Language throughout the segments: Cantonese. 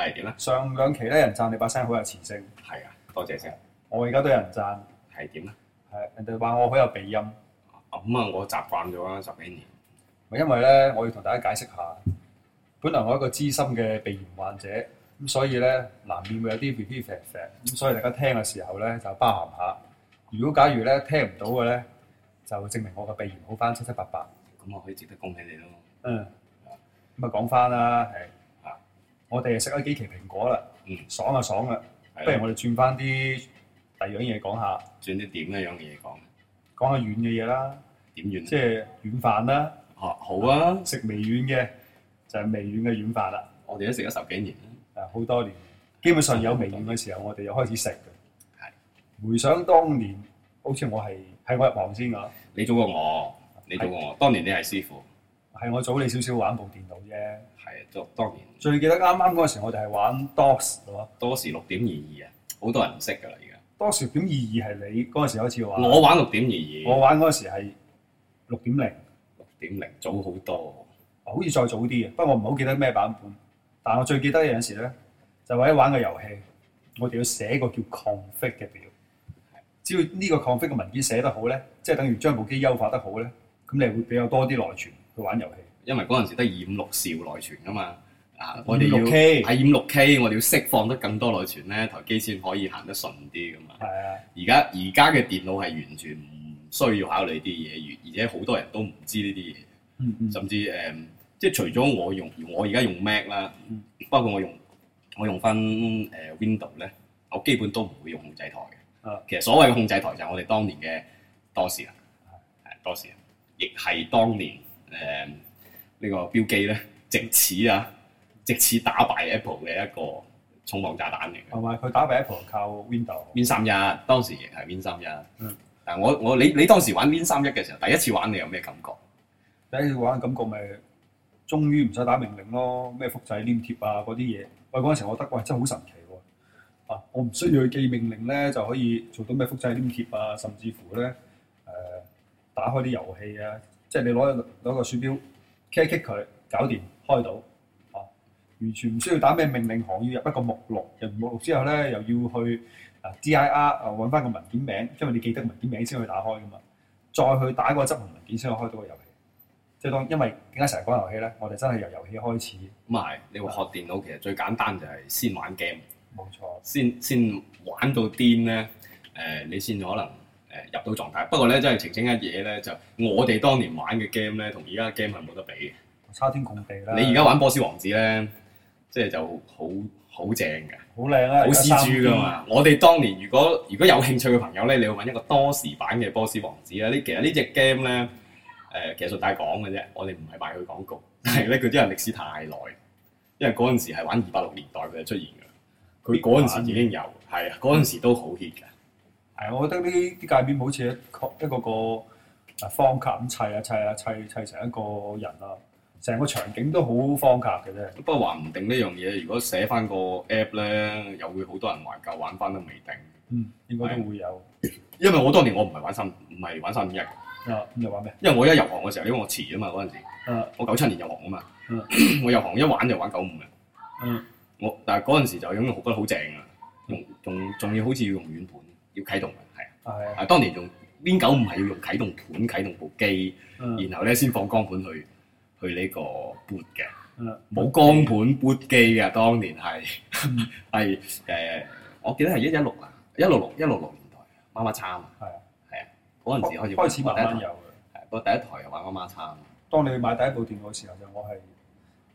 係點咧？上兩期咧，人讚你把聲好有磁性。係啊，多謝先。我而家都有人讚。係點咧？係人哋話我好有鼻音。咁啊，我習慣咗十幾年。咪因為咧，我要同大家解釋下，本來我一個資深嘅鼻炎患者，咁所以咧，難免會有啲肥肥咁，所以大家聽嘅時候咧，就包含下。如果假如咧聽唔到嘅咧，就證明我嘅鼻炎好翻七七八八，咁我可以值得恭喜你咯、嗯。嗯。咁、嗯、啊，講翻啦，係、嗯。嗯嗯嗯嗯我哋係食咗幾期蘋果啦，爽啊爽啊！不如我哋轉翻啲第二樣嘢講下。轉啲點樣嘅嘢講？講下軟嘅嘢啦。點軟？即係軟飯啦。好啊，食微軟嘅就係微軟嘅軟飯啦。我哋都食咗十幾年，誒，好多年，基本上有微軟嘅時候，我哋又開始食嘅。係回想當年，好似我係喺我入行先㗎。你早過我，你早過我。當年你係師傅，係我早你少少玩部電腦啫。係，當當年。最記得啱啱嗰陣時我 s，我哋係玩 DOS 喎，DOS 六點二二啊，好多人唔識噶啦，而家 DOS 六點二二係你嗰陣時開始玩，我玩六點二二，我玩嗰陣時係六點零，六點零早好多，好似再早啲嘅，不過我唔好記得咩版本。但我最記得有陣時咧，就為、是、咗玩個遊戲，我哋要寫個叫 config 嘅表，只要呢個 config 嘅文件寫得好咧，即、就、係、是、等於將部機優化得好咧，咁你係會比較多啲內存去玩遊戲，因為嗰陣時得二五六兆內存啊嘛。5, K, 我哋要係五六 K，我哋要釋放得更多內存咧，台機先可以行得順啲咁嘛。係啊！而家而家嘅電腦係完全唔需要考慮啲嘢，而而且好多人都唔知呢啲嘢。嗯、甚至誒、呃，即係除咗我用，我而家用 Mac 啦、嗯，包括我用我用返誒、呃、Windows 咧，我基本都唔會用控制台嘅。啊、其實所謂嘅控制台就係我哋當年嘅多士啊，誒多士啊，亦係當年誒呢、呃這個標記咧，直此啊～直至打敗 Apple 嘅一個重磅炸彈嚟嘅，同埋佢打敗 Apple 靠 Window Win 三一當時亦係 Win 三一。三一嗯，嗱我我你你當時玩 Win 三一嘅時候，第一次玩你有咩感覺？第一次玩感覺咪、就是、終於唔使打命令咯，咩複製黏貼啊嗰啲嘢。喂，嗰陣我覺得喂真係好神奇喎、啊！啊，我唔需要去記命令咧，就可以做到咩複製黏貼啊，甚至乎咧誒、呃、打開啲遊戲啊，即係你攞攞個,個鼠標 kick 佢搞掂開到。完全唔需要打咩命令行，要入一個目錄，入目錄之後咧，又要去啊 D I R 啊揾翻個文件名，因為你記得文件名先可以打開噶嘛。再去打個執行文件先可以開到個遊戲。即係當因為點解成日講遊戲咧？我哋真係由遊戲開始。咁啊係，你會學電腦其實最簡單就係先玩 game。冇錯，先先玩到癲咧，誒、呃、你先可能誒入到狀態。不過咧，真係澄清一嘢咧，就我哋當年玩嘅 game 咧，同而家 game 係冇得比嘅。同差天共地啦！你而家玩《波斯王子》呢咧。即係就好好正嘅，好靚啊！好絲綢噶嘛。我哋當年如果如果有興趣嘅朋友咧，你要揾一個多時版嘅《波斯王子》啊。呢其實呢隻 game 咧，誒、呃，其實純係講嘅啫。我哋唔係賣佢廣告，但係咧佢啲人歷史太耐，因為嗰陣時係玩二百六年代嘅出現嘅，佢嗰陣時已經有，係啊、嗯，嗰陣時都好 hit 嘅。係，我覺得呢啲界面好似一,一個個方卡咁砌啊砌啊砌砌成一個人啊！成個場景都好方格嘅啫。不過話唔定呢樣嘢，如果寫翻個 app 咧，又會好多人懷舊玩翻都未定。嗯，應該都會有。因為我當年我唔係玩三，唔係玩三五一。啊，咁就玩咩？因為我一入行嘅時候，因為我遲啊嘛，嗰陣時。我九七年入行啊嘛。我入行一玩就玩九五嘅。我但係嗰陣時就已經覺得好正啊！用仲，仲要好似要用軟盤，要啟動嘅係。當年用邊九五係要用啟動盤啟動部機，然後咧先放光盤去。去呢個 boot 嘅，冇、嗯、光盤 boot 機嘅。嗯、當年係係誒，我記得係一一六啊，一六六一六六年代，媽媽叉啊，係啊，係啊，嗰陣時開始玩媽媽有嘅，係，嗰第一台又、啊、玩媽媽叉啊嘛。當你買第一部電腦嘅時候就我係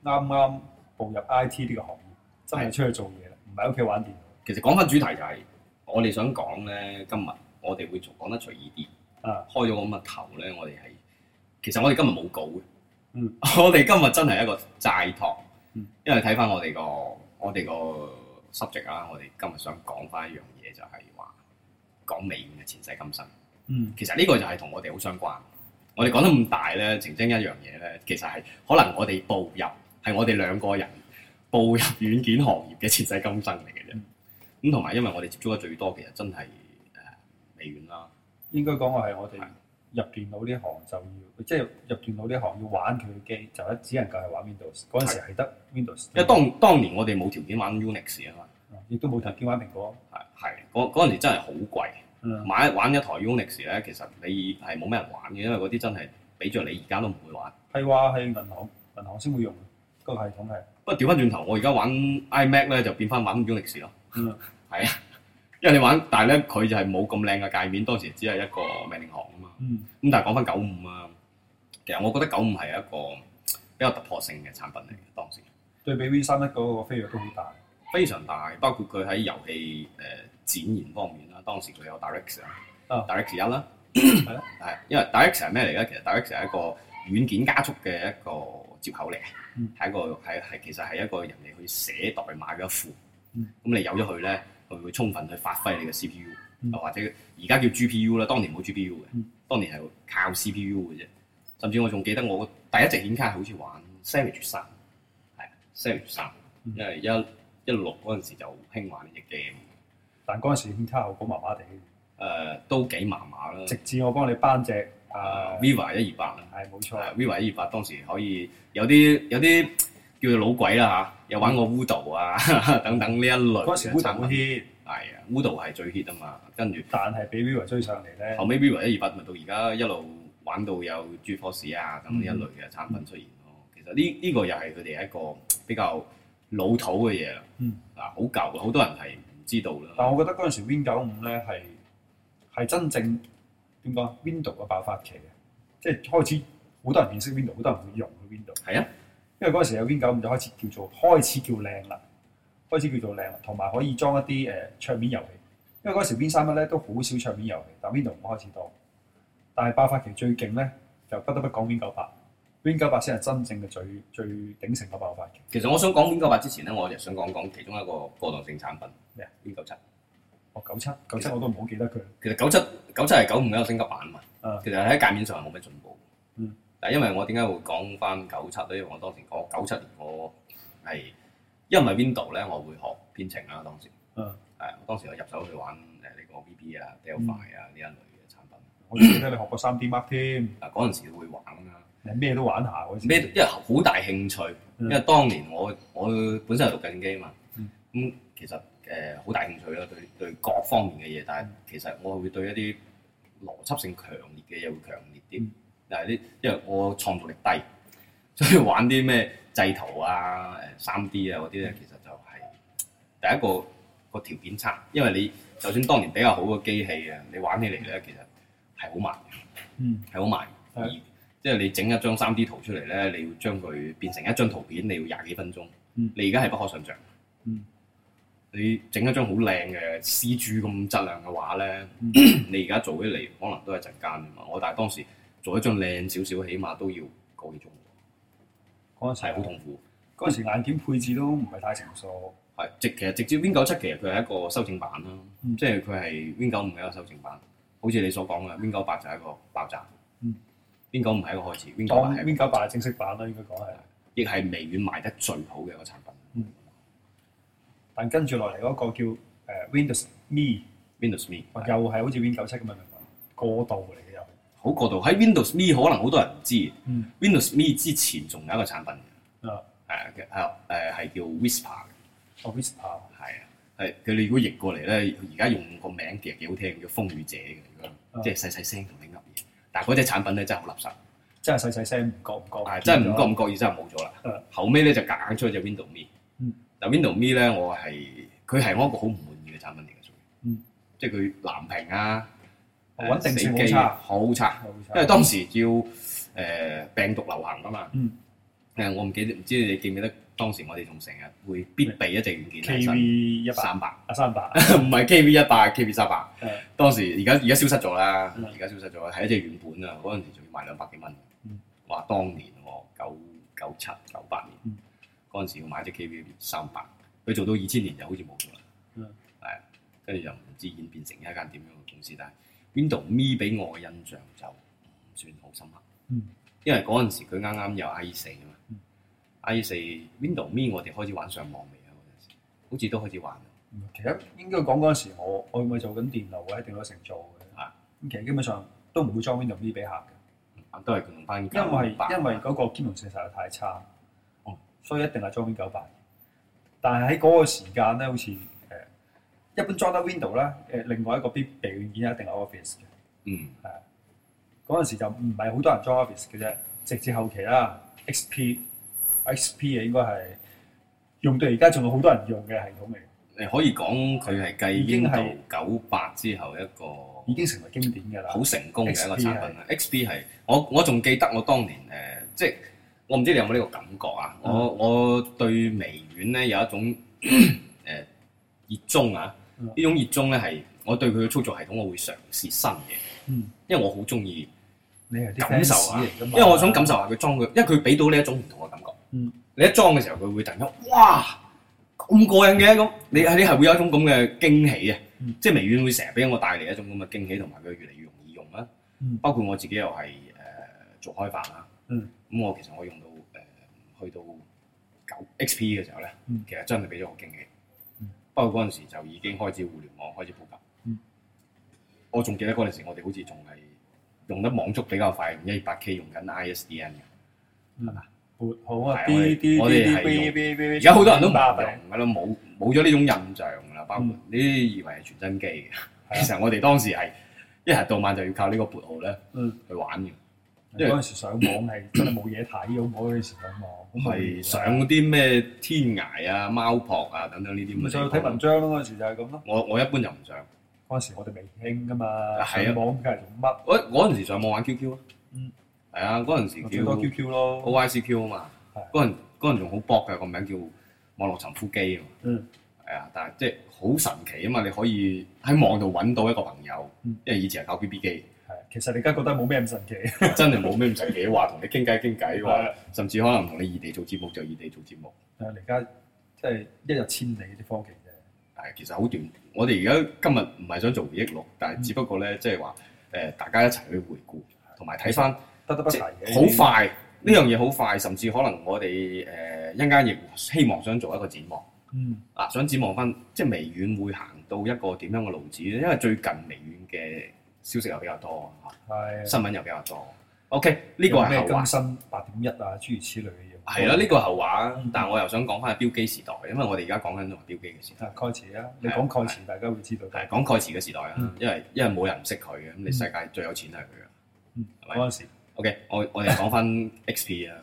啱啱步入 I T 呢個行業，真係出去做嘢啦，唔係喺屋企玩電腦，就是嗯。其實講返主題就係我哋想講咧，今日我哋會講得隨意啲，開咗咁嘅頭咧，我哋係其實我哋今日冇稿嘅。嗯、我哋今日真係一個齋托，嗯、因為睇翻我哋個我哋個 subject 啦，我哋、啊、今日想講翻一樣嘢就係話講美元嘅前世今生。嗯，其正正，其實呢個就係同我哋好相關。我哋講得咁大呢，澄清一樣嘢呢，其實係可能我哋步入係我哋兩個人步入軟件行業嘅前世今生嚟嘅啫。咁同埋因為我哋接觸得最多，其實真係誒、呃、美元啦、啊。應該講話係我哋。入電腦呢行就要，即係入電腦呢行要玩佢嘅機，就只能夠係玩 Windows，嗰陣時係得 Windows 的。吧因為當當年我哋冇條件玩 Unix 啊嘛，亦、嗯、都冇條件玩蘋果。係係，嗰嗰陣時真係好貴，嗯、買玩一台 Unix 咧，其實你係冇咩人玩嘅，因為嗰啲真係畀咗你而家都唔會玩。係話係銀行銀行先會用，嗰個系統係。不過調翻轉頭，我而家玩 iMac 咧就變翻玩 Unix 咯。係、嗯。 因為你玩，但係咧佢就係冇咁靚嘅界面，當時只係一個命令行啊嘛。咁、嗯、但係講翻九五啊，其實我覺得九五係一個比較突破性嘅產品嚟嘅。當時、嗯、對比 V 三一嗰個飛躍都好大，非常大。包括佢喺遊戲誒展現方面啦，當時佢有 Direct、哦、1 Direct 1啊，Direct 一啦，係啦，係。 的因為 Direct 係咩嚟咧？其實 Direct 係一個軟件加速嘅一個接口嚟嘅，係、嗯、一個係係其實係一個人哋去寫代碼嘅一副。咁、嗯嗯、你有咗佢咧？會充分去發揮你嘅 CPU，又或者而家叫 GPU 啦，當年冇 GPU 嘅，當年係靠 CPU 嘅啫。甚至我仲記得我第一隻顯卡好似玩《Savage 三》，係《Savage 三》，因為一一六嗰陣時就興玩呢隻 game。但嗰陣時顯卡效果麻麻地，誒都幾麻麻啦。直至我幫你扳隻 Viva 一二八，係冇錯，Viva 一二八當時可以有啲有啲叫做老鬼啦嚇，又玩過《Voodoo》啊等等呢一類。嗰陣時《Voodoo》嗰啲。係啊 w i d o w s 係最 hit 啊嘛，跟住但係俾 Vivo 追上嚟咧，後尾 Vivo 一二八咪到而家一路玩到有 g f o r c e 啊咁呢、嗯、一類嘅產品出現咯。嗯嗯、其實呢呢、這個又係佢哋一個比較老土嘅嘢啦，嗱好、嗯啊、舊好多人係唔知道啦。但係我覺得嗰陣時 Win 九五咧係係真正點講 Windows 嘅爆發期啊，即、就、係、是、開始好多人認識 Windows，好多人去用去 Windows。係啊，因為嗰陣時有 Win 九五就開始叫做開始叫靚啦。開始叫做靚，同埋可以裝一啲誒、呃、桌面遊戲。因為嗰時邊三一咧都好少桌面遊戲，但 Windows 開始多。但係爆發期最勁咧，就不得不講邊九八。邊九八先係真正嘅最最鼎盛嘅爆發期。其實我想講邊九八之前咧，我就想講講其中一個過渡性產品咩？邊九七？哦，九七實，九七我都唔好記得佢。其實九七，九七係九五一個升級版啊嘛。啊其實喺界面上係冇咩進步。嗯。但係因為我點解會講翻九七咧？因為我當時講九七年我係。因為 Window 咧，我會學編程啦。當時，誒，當時我入手去玩誒呢個 VB 啊、Delphi 啊呢一類嘅產品。我仲記得你學過 3D Mark 添、啊。嗱，嗰陣時會玩啊，咩、嗯、都玩下嗰時。咩？因為好大興趣，因為當年我我本身係讀緊機嘛。咁其實誒好大興趣啦，對對各方面嘅嘢。但係其實我會對一啲邏輯性強烈嘅嘢會強烈啲。但嗱、嗯，啲因為我創造力低。所以玩啲咩製圖啊、誒三 D 啊嗰啲咧，其實就係第一個個條件差，因為你就算當年比較好個機器啊，你玩起嚟咧，其實係好慢，嗯，係好慢。即係你整一張三 D 圖出嚟咧，你要將佢變成一張圖片，你要廿幾分鐘。嗯、你而家係不可想像。嗯，你整一張好靚嘅 C G 咁質量嘅畫咧，嗯、你而家做起嚟可能都係陣間啊嘛。我但係當時做一張靚少少，起碼都要個幾鐘。嗰陣時係好痛苦，嗰陣時硬件配置都唔係太成熟。係直其實直接 Win 九七，其實佢係一個修正版啦，即係佢係 Win 九五係一個修正版，好似你所講嘅 Win 九八就係一個爆炸。Win 九五係一個開始，Win 九八係 Win 九八係正式版啦，應該講係。亦係微軟賣得最好嘅一個產品。但跟住落嚟嗰個叫誒 Windows Me，Windows Me 又係好似 Win 九七咁嘅情況，過渡嚟。好過度喺 Windows Me 可能好多人唔知、嗯、Windows Me 之前仲有一個產品，誒誒誒係叫 Whisper 嘅，哦 Whisper 係啊係佢哋如果譯過嚟咧，而家用個名其實幾好聽，叫風語者嘅，啊、即係細細聲同你噏嘢，但係嗰隻產品咧真係好垃圾，真係細細聲唔覺唔覺，真係唔覺唔覺意真係冇咗啦。啊、後尾咧就夾硬，硬出咗隻 Windows Me，嗱、嗯、Windows Me 咧我係佢係我一個好唔滿意嘅產品嚟嘅，嗯、即係佢藍屏啊。穩定性差，好差，因為當時叫誒病毒流行噶嘛。誒，我唔記得，唔知你記唔記得當時我哋仲成日會必備一隻軟件。K V 一百、三百、啊三百，唔係 K V 一百，K V 三百。當時而家而家消失咗啦，而家消失咗，係一隻軟盤啊。嗰陣時仲要賣兩百幾蚊，話當年我九九七九八年嗰陣時要買一隻 K V 三百，佢做到二千年就好似冇咗啦，係跟住就唔知演變成一間點樣嘅公司，但係。Window Me 俾我嘅印象就唔算好深刻，嗯，因為嗰陣時佢啱啱有 I 四啊嘛，I 四 Window Me 我哋開始玩上網未啊嗰陣時，好似都開始玩啦。其實應該講嗰陣時我唔咪做緊電路嘅，定路成做嘅。啊的，咁其實基本上都唔會裝 Window Me 俾客嘅、嗯，都係用翻因為因為嗰個兼容性實在太差，哦、嗯，所以一定係裝 Window 九八。但係喺嗰個時間咧，好似～一般裝得 Window 咧，另外一個必備軟件一定係 Office 嘅，嗯，係。嗰陣時就唔係好多人裝 Office 嘅啫，直至後期啦，XP，XP 啊，XP, XP 應該係用到而家仲有好多人用嘅系統嚟。你可以講佢係繼已經係九八之後一個已經，已經成為經典㗎啦，好成功嘅一個產品啦。XP 係是我我仲記得我當年誒、呃，即係我唔知你有冇呢個感覺啊，嗯、我我對微軟咧有一種誒 熱衷啊。呢種熱衷咧係，我對佢嘅操作系統我會嘗試新嘅，嗯、因為我好中意感受啊，因為我想感受下佢裝佢，因為佢俾到你一種唔同嘅感覺。嗯、你一裝嘅時候佢會突然間，哇，咁過癮嘅咁，你你係會有一種咁嘅驚喜啊！嗯、即係微軟會成日俾我帶嚟一種咁嘅驚喜，同埋佢越嚟越容易用啦、啊。嗯、包括我自己又係誒做開發啦、啊，咁、嗯、我其實我用到誒、呃、去到九 XP 嘅時候咧，其實真係俾咗我驚喜。不過陣時就已經開始互聯網開始普及嗯我仲記得陣時我哋好似仲係用得網速比較快一二八 K 用緊 ISDN 嘅撥號啊我哋係而家好多人都唔用噶啦冇冇咗呢種印象啦包括你以為係傳真機嘅其實我哋當時係一日到晚就要靠呢個撥號咧去玩嘅因為嗰時上網係真係冇嘢睇，好唔好？嗰陣時上網咁咪上啲咩天涯啊、貓撲啊等等呢啲咁咪上去睇文章咯，嗰陣時就係咁咯。我我一般就唔上。嗰陣時我哋未傾噶嘛。上網梗係做乜？我我嗰時上網玩 QQ 啊。嗯。係啊，嗰陣時好多 QQ 咯。OICQ 啊嘛。係。嗰陣仲好搏㗎，個名叫網絡尋呼機啊。嗯。係啊，但係即係好神奇啊嘛！你可以喺網度揾到一個朋友，因為以前係靠 BB 機。其實你而家覺得冇咩咁神奇，真係冇咩咁神奇。話同你傾偈傾偈甚至可能同你異地做節目就異地做節目。係啊，而家即係一日千里啲科技啫。係，其實好短。我哋而家今日唔係想做回憶錄，但係只不過咧，即係話誒大家一齊去回顧，同埋睇翻不得不提，好快呢、嗯、樣嘢好快，甚至可能我哋誒一陣亦希望想做一個展望。嗯。啊，想展望翻即係微軟會行到一個點樣嘅路子咧？因為最近微軟嘅。消息又比較多，新聞又比較多。OK，呢個係咩更新八點一啊？諸如此類嘅嘢。係啦，呢個後話。但係我又想講翻係標機時代，因為我哋而家講緊都係標機嘅時代。啊，蓋茨啊！你講蓋茨，大家會知道。係講蓋茨嘅時代啊，因為因為冇人唔識佢嘅，咁你世界最有錢都係佢啊。嗯，嗰陣時。OK，我我哋講翻 XP 啊。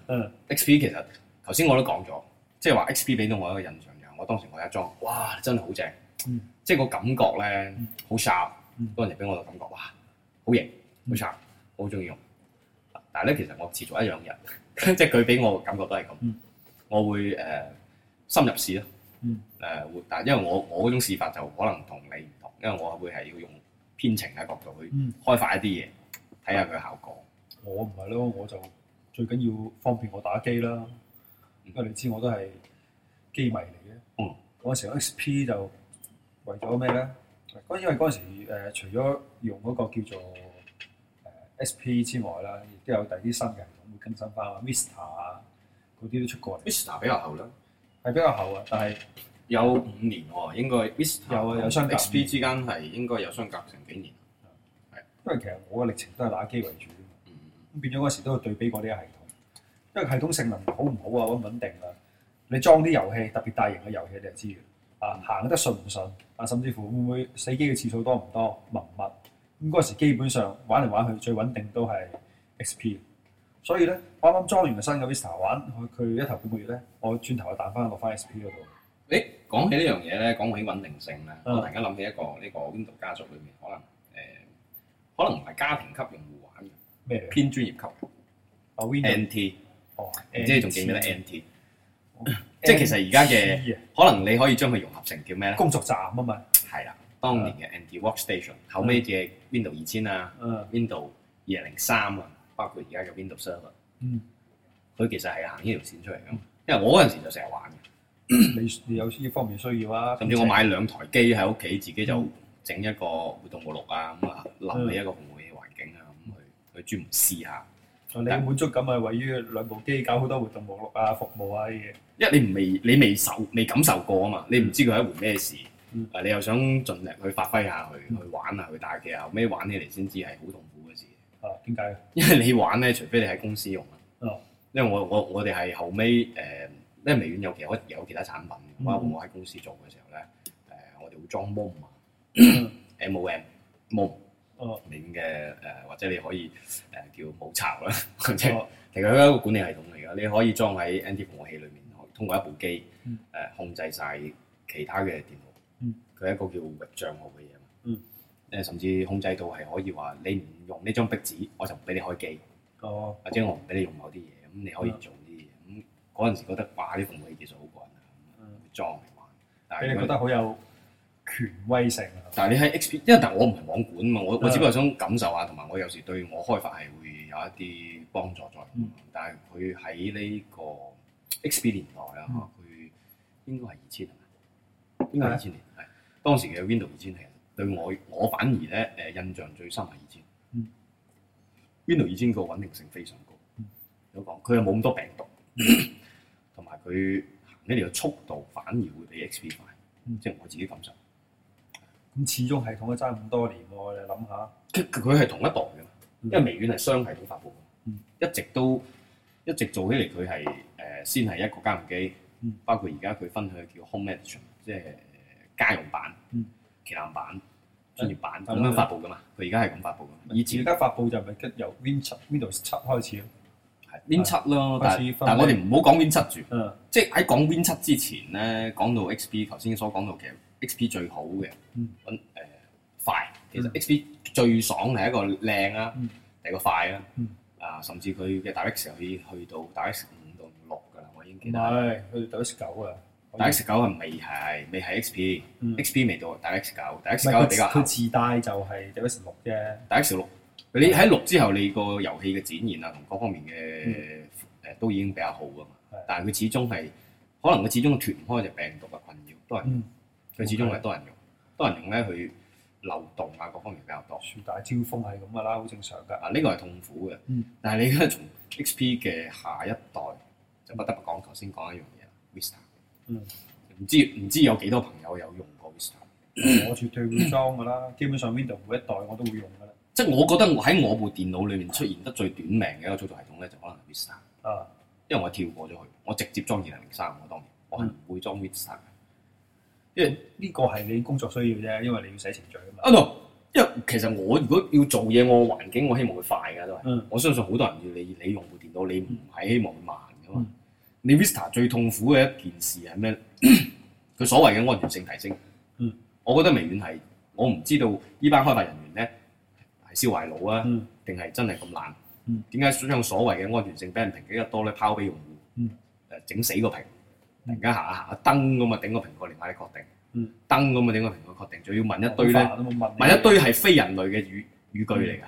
XP 其實頭先我都講咗，即係話 XP 俾到我一個印象就，我當時我一裝，哇，真係好正。即係個感覺咧，好 sharp。嗰時俾我個感覺，哇！好型，冇錯，好中意用。但係咧，其實我持續一樣嘢，即係佢俾我個感覺都係咁。嗯、我會誒、呃、深入試咯，誒、呃、會。但係因為我我嗰種試法就可能同你唔同，因為我會係要用編程嘅角度去開發一啲嘢，睇下佢效果。我唔係咯，我就最緊要方便我打機啦。因為你知我都係機迷嚟嘅。嗰、嗯、時 s p 就為咗咩咧？因為嗰陣時、呃、除咗用嗰個叫做誒 XP、呃、之外啦，亦都有第啲新嘅系統更新翻啊，Vista 啊，嗰啲都出過。Vista 比較後啦，係比較後啊，但係有五年喎、哦，應該 Vista 有啊有相隔。XP 之間係應該有相隔成幾年，係是因為其實我嘅歷程都係打機為主，咁、嗯、變咗嗰陣時都要對比嗰啲系統，因為系統性能好唔好啊，穩唔穩定啊，你裝啲遊戲特別大型嘅遊戲，你就知啦。啊，行得順唔順？啊，甚至乎會唔會死機嘅次數多唔多，密唔密？咁嗰時基本上玩嚟玩去，最穩定都係 XP。所以咧，啱啱裝完個新嘅 Vista 玩，佢佢一頭半個月咧，我轉頭又彈翻落翻 XP 嗰度。誒，講起呢樣嘢咧，講起穩定性咧，我突然間諗起一個呢個 Windows 家族裏面，可能誒，可能唔係家庭級用戶玩嘅，偏專業級嘅。哦，NT。哦，即係仲記唔記得 NT？即係其實而家嘅可能你可以將佢融合成叫咩咧？工作站啊嘛，係啦，當年嘅 NT Workstation，後尾嘅 Windows 二千啊，Windows 二零三啊，2000，啊3，包括而家嘅 Windows Server，嗯，佢其實係行呢條線出嚟嘅，嗯、因為我嗰陣時就成日玩嘅，你你有呢方面需要啊？甚至我買兩台機喺屋企，自己就整一個活動目錄啊，咁啊、嗯，臨起、嗯嗯、一個紅嘅環境啊，咁去去專門試下。你滿足感咪位於兩部機搞好多活動網絡啊、服務啊啲嘢。因為你唔未你未受未感受過啊嘛，你唔知佢係一回咩事。嗯。你又想盡力去發揮下去，去玩啊，去打機啊，後尾玩起嚟先知係好痛苦嘅事。啊？點解？因為你玩咧，除非你喺公司用啊。因為我我我哋係後尾誒，因為微軟有其他有其他產品，包括我喺公司做嘅時候咧，誒，我哋會裝 MOM 啊，M O M 你嘅誒，或者你可以誒叫冇巢啦，即係其實係一個管理系統嚟㗎。你可以裝喺 N T 服務器裏面，通過一部機誒控制晒其他嘅電腦。佢係一個叫域帳號嘅嘢嘛。誒，甚至控制到係可以話你唔用呢張壁紙，我就唔俾你開機。哦，或者我唔俾你用某啲嘢，咁你可以做啲嘢。咁嗰陣時覺得哇！呢服務器技術好過人啊！咁裝嚟玩，但係你覺得好有～權威性但係你喺 X P，因為但係我唔係網管啊嘛，我我只不過想感受下，同埋我有時對我開發係會有一啲幫助在。嗯，但係佢喺呢個 X P 年代啊，佢、嗯、應該係二千係咪？邊個咧？二千年係當時嘅 Windows 二千係。對我我反而咧誒印象最深係二千。Windows 二千個穩定性非常高。嗯，有講佢又冇咁多病毒，同埋佢行呢啲嘅速度反而會比 X P 快。即係、嗯、我自己感受。咁始終系統都爭咁多年喎，你諗下。佢佢係同一代嘅，因為微軟係雙系統發布，一直都一直做起嚟，佢係誒先係一個家用機，包括而家佢分享嘅叫 Home Edition，即係家用版、旗艦版、專業版咁樣發布嘅嘛。佢而家係咁發布嘅。以前而家發布就係咪由 Windows 七 Windows 七開始咯？係 Windows 七咯，但係但係我哋唔好講 Windows 七住，即係喺講 Windows 七之前咧，講到 XP 頭先所講到嘅。XP 最好嘅，誒快。其實 XP 最爽係一個靚啊，第二個快啊。啊，甚至佢嘅 DX 可以去到 DX 五到六噶啦，我已經見。唔係，去到 DX 九啊。DX 九係未係，未係 XP，XP 未到。DX 九，DX 九比較。佢自帶就係 DX 六啫。DX 六，你喺六之後，你個遊戲嘅展現啊，同各方面嘅誒都已經比較好噶嘛。但係佢始終係，可能佢始終脫唔開就病毒嘅困擾，都係。佢始終係多人用，多人用咧，佢流動啊，各方面比較多。樹大招風係咁噶啦，好正常噶。啊呢個係痛苦嘅，嗯、但係你而家從 XP 嘅下一代，即係不得不講頭先講一樣嘢 v i s a 嗯。唔知唔知有幾多朋友有用過 v i s a，我絕對會裝噶啦，嗯、基本上 w 度每一代我都會用噶啦。即係我覺得喺我部電腦裏面出現得最短命嘅一個操作系統咧，就可能係 v i s a 啊。因為我跳過咗去，我直接裝二零零三。我當年我係唔會裝 v i s a。因為呢個係你工作需要啫，因為你要寫程序啊嘛。啊、uh, no, 因為其實我如果要做嘢，我環境我希望佢快噶都係。嗯、我相信好多人要你你用部電腦，你唔係希望佢慢噶嘛。嗯、你 Vista 最痛苦嘅一件事係咩？佢 所謂嘅安全性提升，嗯、我覺得微軟係我唔知道呢班開發人員咧係燒壞腦啊，定係、嗯、真係咁懶？點解想將所謂嘅安全性俾人評幾多多咧拋俾用戶？誒整、嗯、死個屏。突然間行啊行啊，燈咁啊頂個蘋果嚟嗌你確定，燈咁啊頂個蘋果確定，仲要問一堆咧，問一堆係非人類嘅語語句嚟㗎，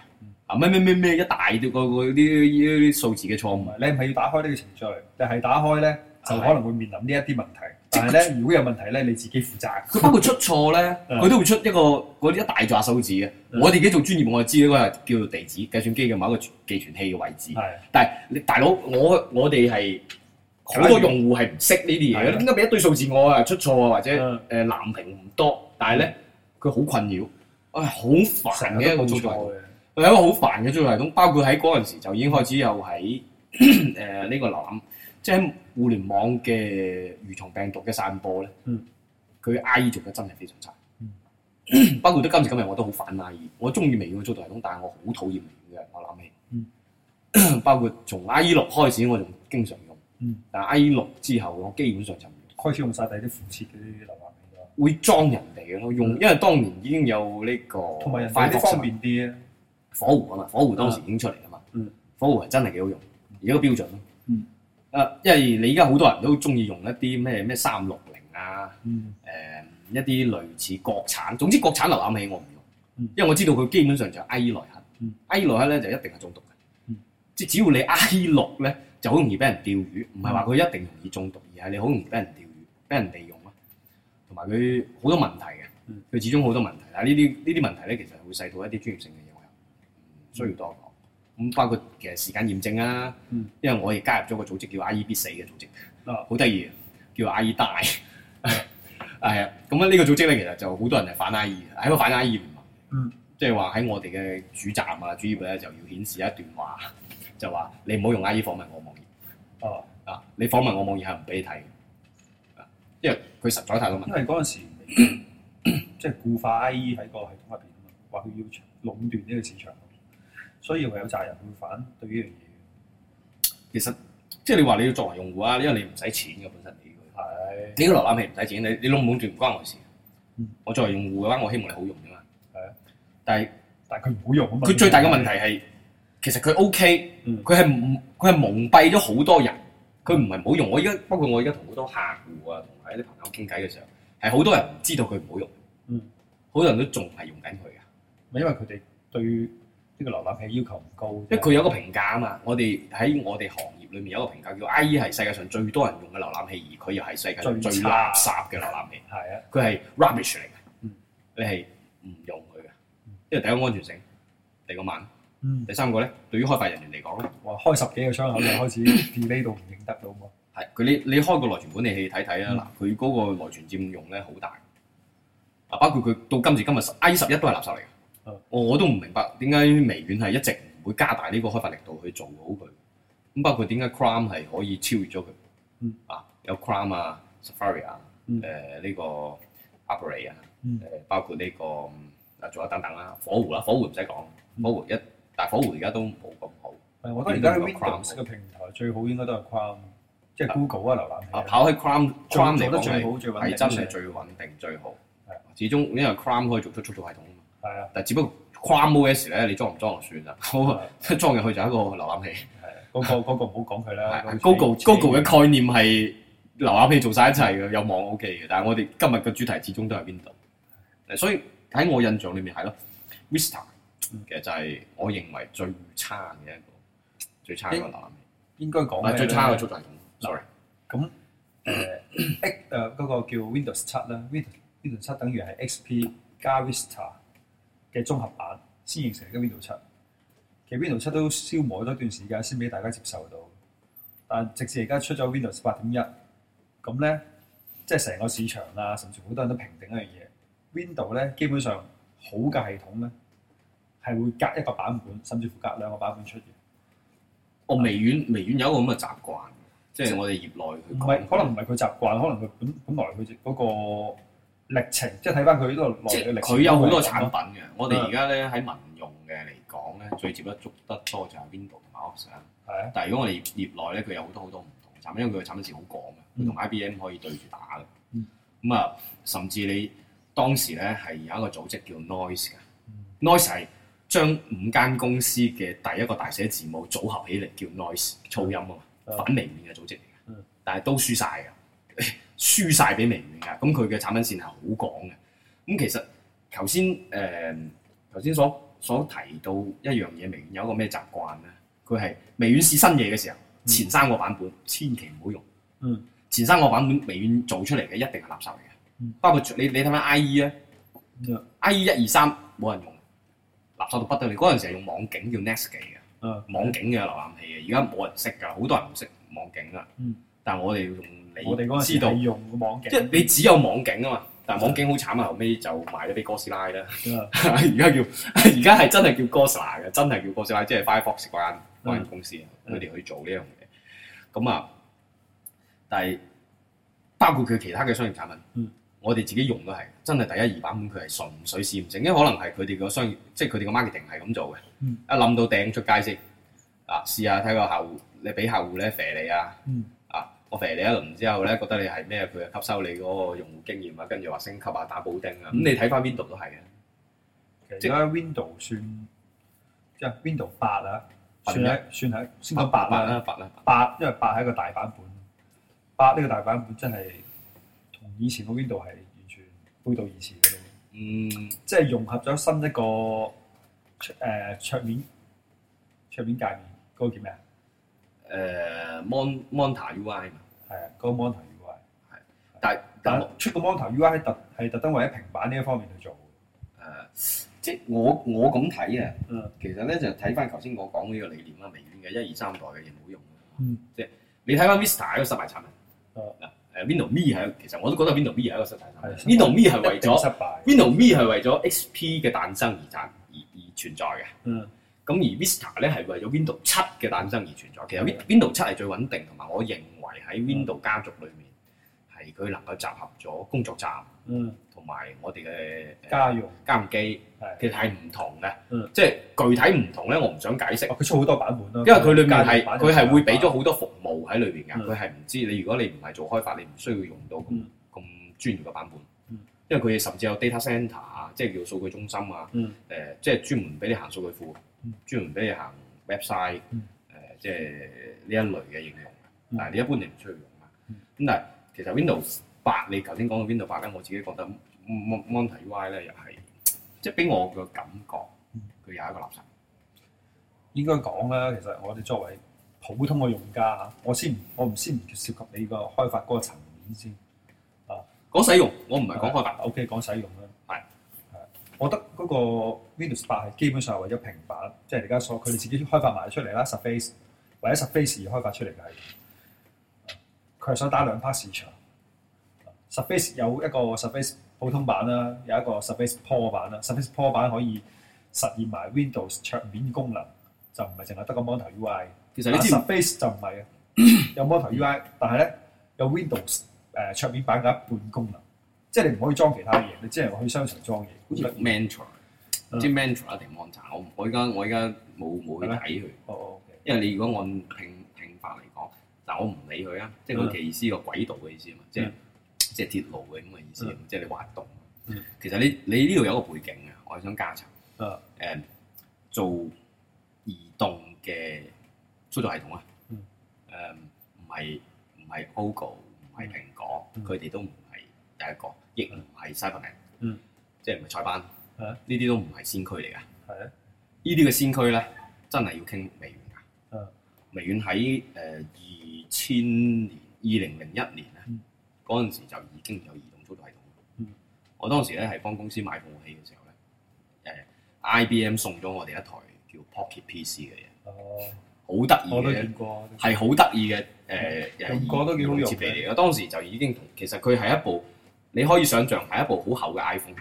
啊咩咩咩咩，一大啲個啲啲數字嘅錯誤。你係要打開呢個程序，就係打開咧就可能會面臨呢一啲問題。但係咧如果有問題咧，你自己負責。佢不過出錯咧，佢都會出一個嗰啲一大紮數字嘅。我自己做專業，我就知嗰個叫做地址，計算機嘅某一個寄存器嘅位置。係。但係你大佬，我我哋係。好多用戶係唔識呢啲嘢嘅，點解俾一堆數字我啊？出錯啊，或者誒藍屏唔多，但係咧佢好困擾，唉、哎、好煩嘅一個作業系統，係一個好煩嘅作業系統。包括喺嗰陣時就已經開始有喺誒呢個瀏覽，即係互聯網嘅蠕蟲病毒嘅散播咧。佢 I E 做得真係非常差、嗯。 包括到今時今日我都好反 I E，我中意微軟嘅作業系統，但係我好討厭微軟嘅瀏覽器。包括從 I E 六開始，我仲經常用。嗯，但係 I 六之後，我基本上就唔用。開始用晒第啲副設嘅啲瀏覽器咯。會裝人哋嘅咯，用，因為當年已經有呢、同埋快啲方便啲啊。火狐啊嘛，火狐當時已經出嚟啊嘛。嗯。火狐係真係幾好用，而家個標準咯。嗯。啊，因為你而家好多人都中意用一啲咩咩三六零啊，誒、嗯呃、一啲類似國產，總之國產瀏覽器我唔用，嗯、因為我知道佢基本上就係 I 內核。嗯。I 內核咧就一定係中毒嘅。即係只要你 I 六咧。就好容易俾人釣魚，唔係話佢一定容易中毒，而係你好容易俾人釣魚、俾人利用咯。同埋佢好多問題嘅，佢始終好多問題。嗱，呢啲呢啲問題咧，題其實會細到一啲專業性嘅嘢，我又唔需要多講。咁包括其實時間驗證啊，嗯、因為我亦加入咗個組織叫 IEB 死嘅組織，好得意叫 IE 大。係啊，咁啊呢個組織咧，其實就好多人係反 IE 嘅，係個反 IE 團嘛、嗯。即係話喺我哋嘅主站啊、主頁咧，就要顯示一段話。就話你唔好用 IE 訪問我網頁哦，啊！你訪問我網頁係唔俾你睇嘅，因為佢實在太多問題。因為嗰陣時 即係固化 IE 喺個系統入邊啊嘛，話佢要壟斷呢個市場，所以我有責任去反對呢樣嘢。其實即係你話你要作為用戶啊，因為你唔使錢嘅本身嚟嘅。呢個瀏覽器唔使錢？你你壟斷唔關我事。嗯、我作為用戶嘅話，我希望你好用啫嘛。係啊，但係但係佢唔好用，佢他 用他 最大嘅問題係。其實佢 OK，佢係佢係蒙蔽咗好多人，佢唔係冇用。我而家，包括我而家同好多客戶啊，同埋一啲朋友傾偈嘅時候，係好多人唔知道佢唔好用。嗯，好多人都仲係用緊佢噶，咪因為佢哋對呢個瀏覽器要求唔高。即係佢有個評價啊嘛，我哋喺我哋行業裏面有個評價叫 IE 係、哎、世界上最多人用嘅瀏覽器，而佢又係世界上最垃圾嘅瀏覽器。係啊、嗯，佢係 Rubbish 嚟嘅，你係唔用佢嘅，嗯、因為第一個安全性，第二個慢。第三個咧，對於開發人員嚟講咧，哇，開十幾個窗口就開始 delay 到唔認得到嘛。係，佢你你開個內存管理器睇睇、嗯、啊，嗱，佢嗰個內存佔用咧好大，啊，包括佢到今時今日 IE 十一都係垃圾嚟嘅、嗯。我我都唔明白點解微軟係一直唔會加大呢個開發力度去做好佢，咁包括點解 Chrome 係可以超越咗佢？嗯、啊，有 Chrome 啊，Safari 啊，誒呢個 Opera 啊，誒包括呢、這個啊仲有等等啦、啊，火狐啦、啊，火狐唔使講，火狐一。大火狐而家都冇咁好。我覺得而家 Windows 嘅平台最好應該都係 Chrome，即係 Google 啊瀏覽器。啊，跑喺 Chrome，Chrome 嚟講係真係最穩定，最好。始終因為 Chrome 可以做出速度系統啊嘛。係啊。但係只不過 Chrome OS 咧，你裝唔裝就算啦。好啊，裝入去就一個瀏覽器。係。嗰個嗰個唔好講佢啦。Google Google 嘅概念係瀏覽器做晒一齊嘅，有網 OK 嘅。但係我哋今日嘅主題始終都係 Windows。所以喺我印象裏面係咯，Vista。其實就係我認為最差嘅一個最差嘅一個瀏覽器應該講咩，啊、最差嘅操作系統。Sorry，咁誒 X 誒嗰個叫 Wind 7, Windows 七啦。Windows Windows 七等於係 XP 加 Vista 嘅綜合版，先形成咗 Windows 七。其實 Windows 七都消磨咗一段時間先俾大家接受到，但直至而家出咗 Windows 八點一咁咧，即係成個市場啦，甚至好多人都評定一樣嘢，Windows 咧基本上好嘅系統咧，係會隔一個版本，甚至乎隔兩個版本出現。我微軟微軟有一個咁嘅習慣，是即係我哋業內唔係可能唔係佢習慣，可能佢本本來佢嗰個歷程，即係睇翻佢呢個歷程。佢有好多產品嘅，是我哋而家咧喺民用嘅嚟講咧，最接得足得多就係 Windows 同埋 Office 啦。係啊。但係如果我哋業業內咧，佢有好多好多唔同產品，因為佢產品線好廣嘅，佢同 IBM 可以對住打嘅。咁啊、嗯，甚至你當時咧係有一個組織叫 Noise 嘅，Noise 係。嗯 no 將五間公司嘅第一個大寫字母組合起嚟叫 noise 噪音啊嘛，嗯、反微軟嘅組織嚟嘅，嗯、但係都輸晒嘅，輸晒俾微軟㗎。咁佢嘅產品線係好廣嘅。咁其實頭先誒頭先所所提到一樣嘢，微軟有一個咩習慣咧？佢係微軟試新嘢嘅時候，前三個版本、嗯、千祈唔好用。嗯，前三個版本微軟做出嚟嘅一定係垃圾嚟嘅。嗯、包括你你睇下 IE 啊，IE 一二三冇人用。插到不得了，嗰陣時係用網景，叫 Netscape 嘅，網景嘅瀏覽器嘅，而家冇人識噶，好多人唔識網景啦。嗯、但係我哋要用，我哋嗰陣時知道用網景，即係你只有網景啊嘛。但係網景好慘啊，嗯、後尾就賣咗俾哥斯拉啦。而家、嗯、 叫而家係真係叫哥斯拉嘅，真係叫哥斯拉，即係 Firefox 關嗰間公司，佢哋、嗯、去做呢樣嘢。咁啊，但係包括佢其他嘅商業產品。嗯我哋自己用都係，真係第一二版，佢係純粹試驗性，因為可能係佢哋個商業，即係佢哋個 marketing 係咁做嘅。一諗、嗯、到掟出街先，啊，試，試下睇個客戶，你俾客戶咧飛你啊。嗯、啊，我飛你一輪之後咧，覺得你係咩？佢就吸收你嗰個用戶經驗啊，跟住話升級啊，打補丁啊。咁、嗯、你睇翻 Window 都係嘅。其實 Window 算即係 Window 八啦，算喺算喺先講八八啦，八啦。八，因為八係一個大版本。八呢個大版本真係。以前個 Window 係完全背道而馳嘅，嗯，即係融合咗新一個桌桌、呃、面桌面界面嗰、那個叫咩啊？誒、呃、Mon、那個、m o n UI 嘛，係嗰個 Montra UI 係，但但出個 Montra UI 特係特登為喺平板呢一方面去做嘅、呃，即係我我咁睇啊，嗯嗯、其實咧就睇翻頭先我講呢個理念啦，微軟嘅一二三代嘅嘢冇用、嗯、即係你睇翻 Vista 呢個失敗產品，誒 Windows Me 係，其實我都覺得 Windows Me 係一個的一失敗產品。Windows Me 係為咗，Windows Me 係為咗 XP 嘅誕生而誕而而存在嘅。嗯，咁而 Vista 咧係為咗 Windows 七嘅誕生而存在。其實 Windows 七係最穩定，同埋我認為喺 Windows 家族裏面係佢能夠集合咗工作站。嗯。同埋我哋嘅家用家用機，其實係唔同嘅，即係具體唔同咧。我唔想解釋。佢出好多版本啦，因為佢裏面係佢係會俾咗好多服務喺裏邊嘅，佢係唔知你。如果你唔係做開發，你唔需要用到咁咁專業嘅版本。因為佢甚至有 data center 啊，即係叫數據中心啊，誒，即係專門俾你行數據庫，專門俾你行 website，誒，即係呢一類嘅應用。但嗱，你一般你唔需要用嘅。咁但係其實 Windows 八，你頭先講嘅 Windows 八咧，我自己覺得。m o n m y 咧又係即係俾我個感覺，佢有一個垃圾應該講啦。其實我哋作為普通嘅用家嚇，我先我唔先唔涉及你個開發嗰個層面先啊。講使用，我唔係講開發 O，K，講使用啦，係係是。我覺得嗰個 Windows 八係基本上係為咗平板，即係你而家所佢哋自己開發埋出嚟啦。Surface 或者 Surface 而開發出嚟嘅，佢、啊、係想打兩 part 市場、啊。Surface 有一個 Surface。普通版啦、啊，有一個 Surface Pro 版啦、啊，Surface Pro 版可以實現埋 Windows 桌面功能，就唔係淨係得個 Metro UI。其實你知 Surface 就唔係啊， 有 Metro UI，但係咧有 Windows 誒、呃、桌面版嘅一半功能，即係你唔可以裝其他嘢，你只能去商城裝嘢。好似 Metro，即係 Metro 一定按查，我我依家我而家冇冇去睇佢。哦哦，oh, okay. 因為你如果按拼拼法嚟講，但我唔理佢啊，即係佢嘅意思個軌道嘅意思啊嘛，即係、嗯。即係鐵路嘅咁嘅意思，即係你滑動。其實你你呢度有個背景嘅，我想加層。誒，做移動嘅操作系統啊。誒，唔係唔係 Google 唔係蘋果，佢哋都唔係第一個，亦唔係西 n a 嗯，即係唔係塞班。呢啲都唔係先驅嚟㗎。係啊。呢啲嘅先驅咧，真係要傾微軟㗎。微軟喺誒二千年二零零一年。嗰陣時就已經有移動速度系統。嗯、我當時咧係幫公司買服務器嘅時候咧、嗯、IBM 送咗我哋一台叫 Pocket PC 嘅嘢。哦，好得意嘅係好得意嘅都幾好用設備嚟。嘅。當時就已經同其實佢係一部你可以想像係一部好厚嘅 iPhone。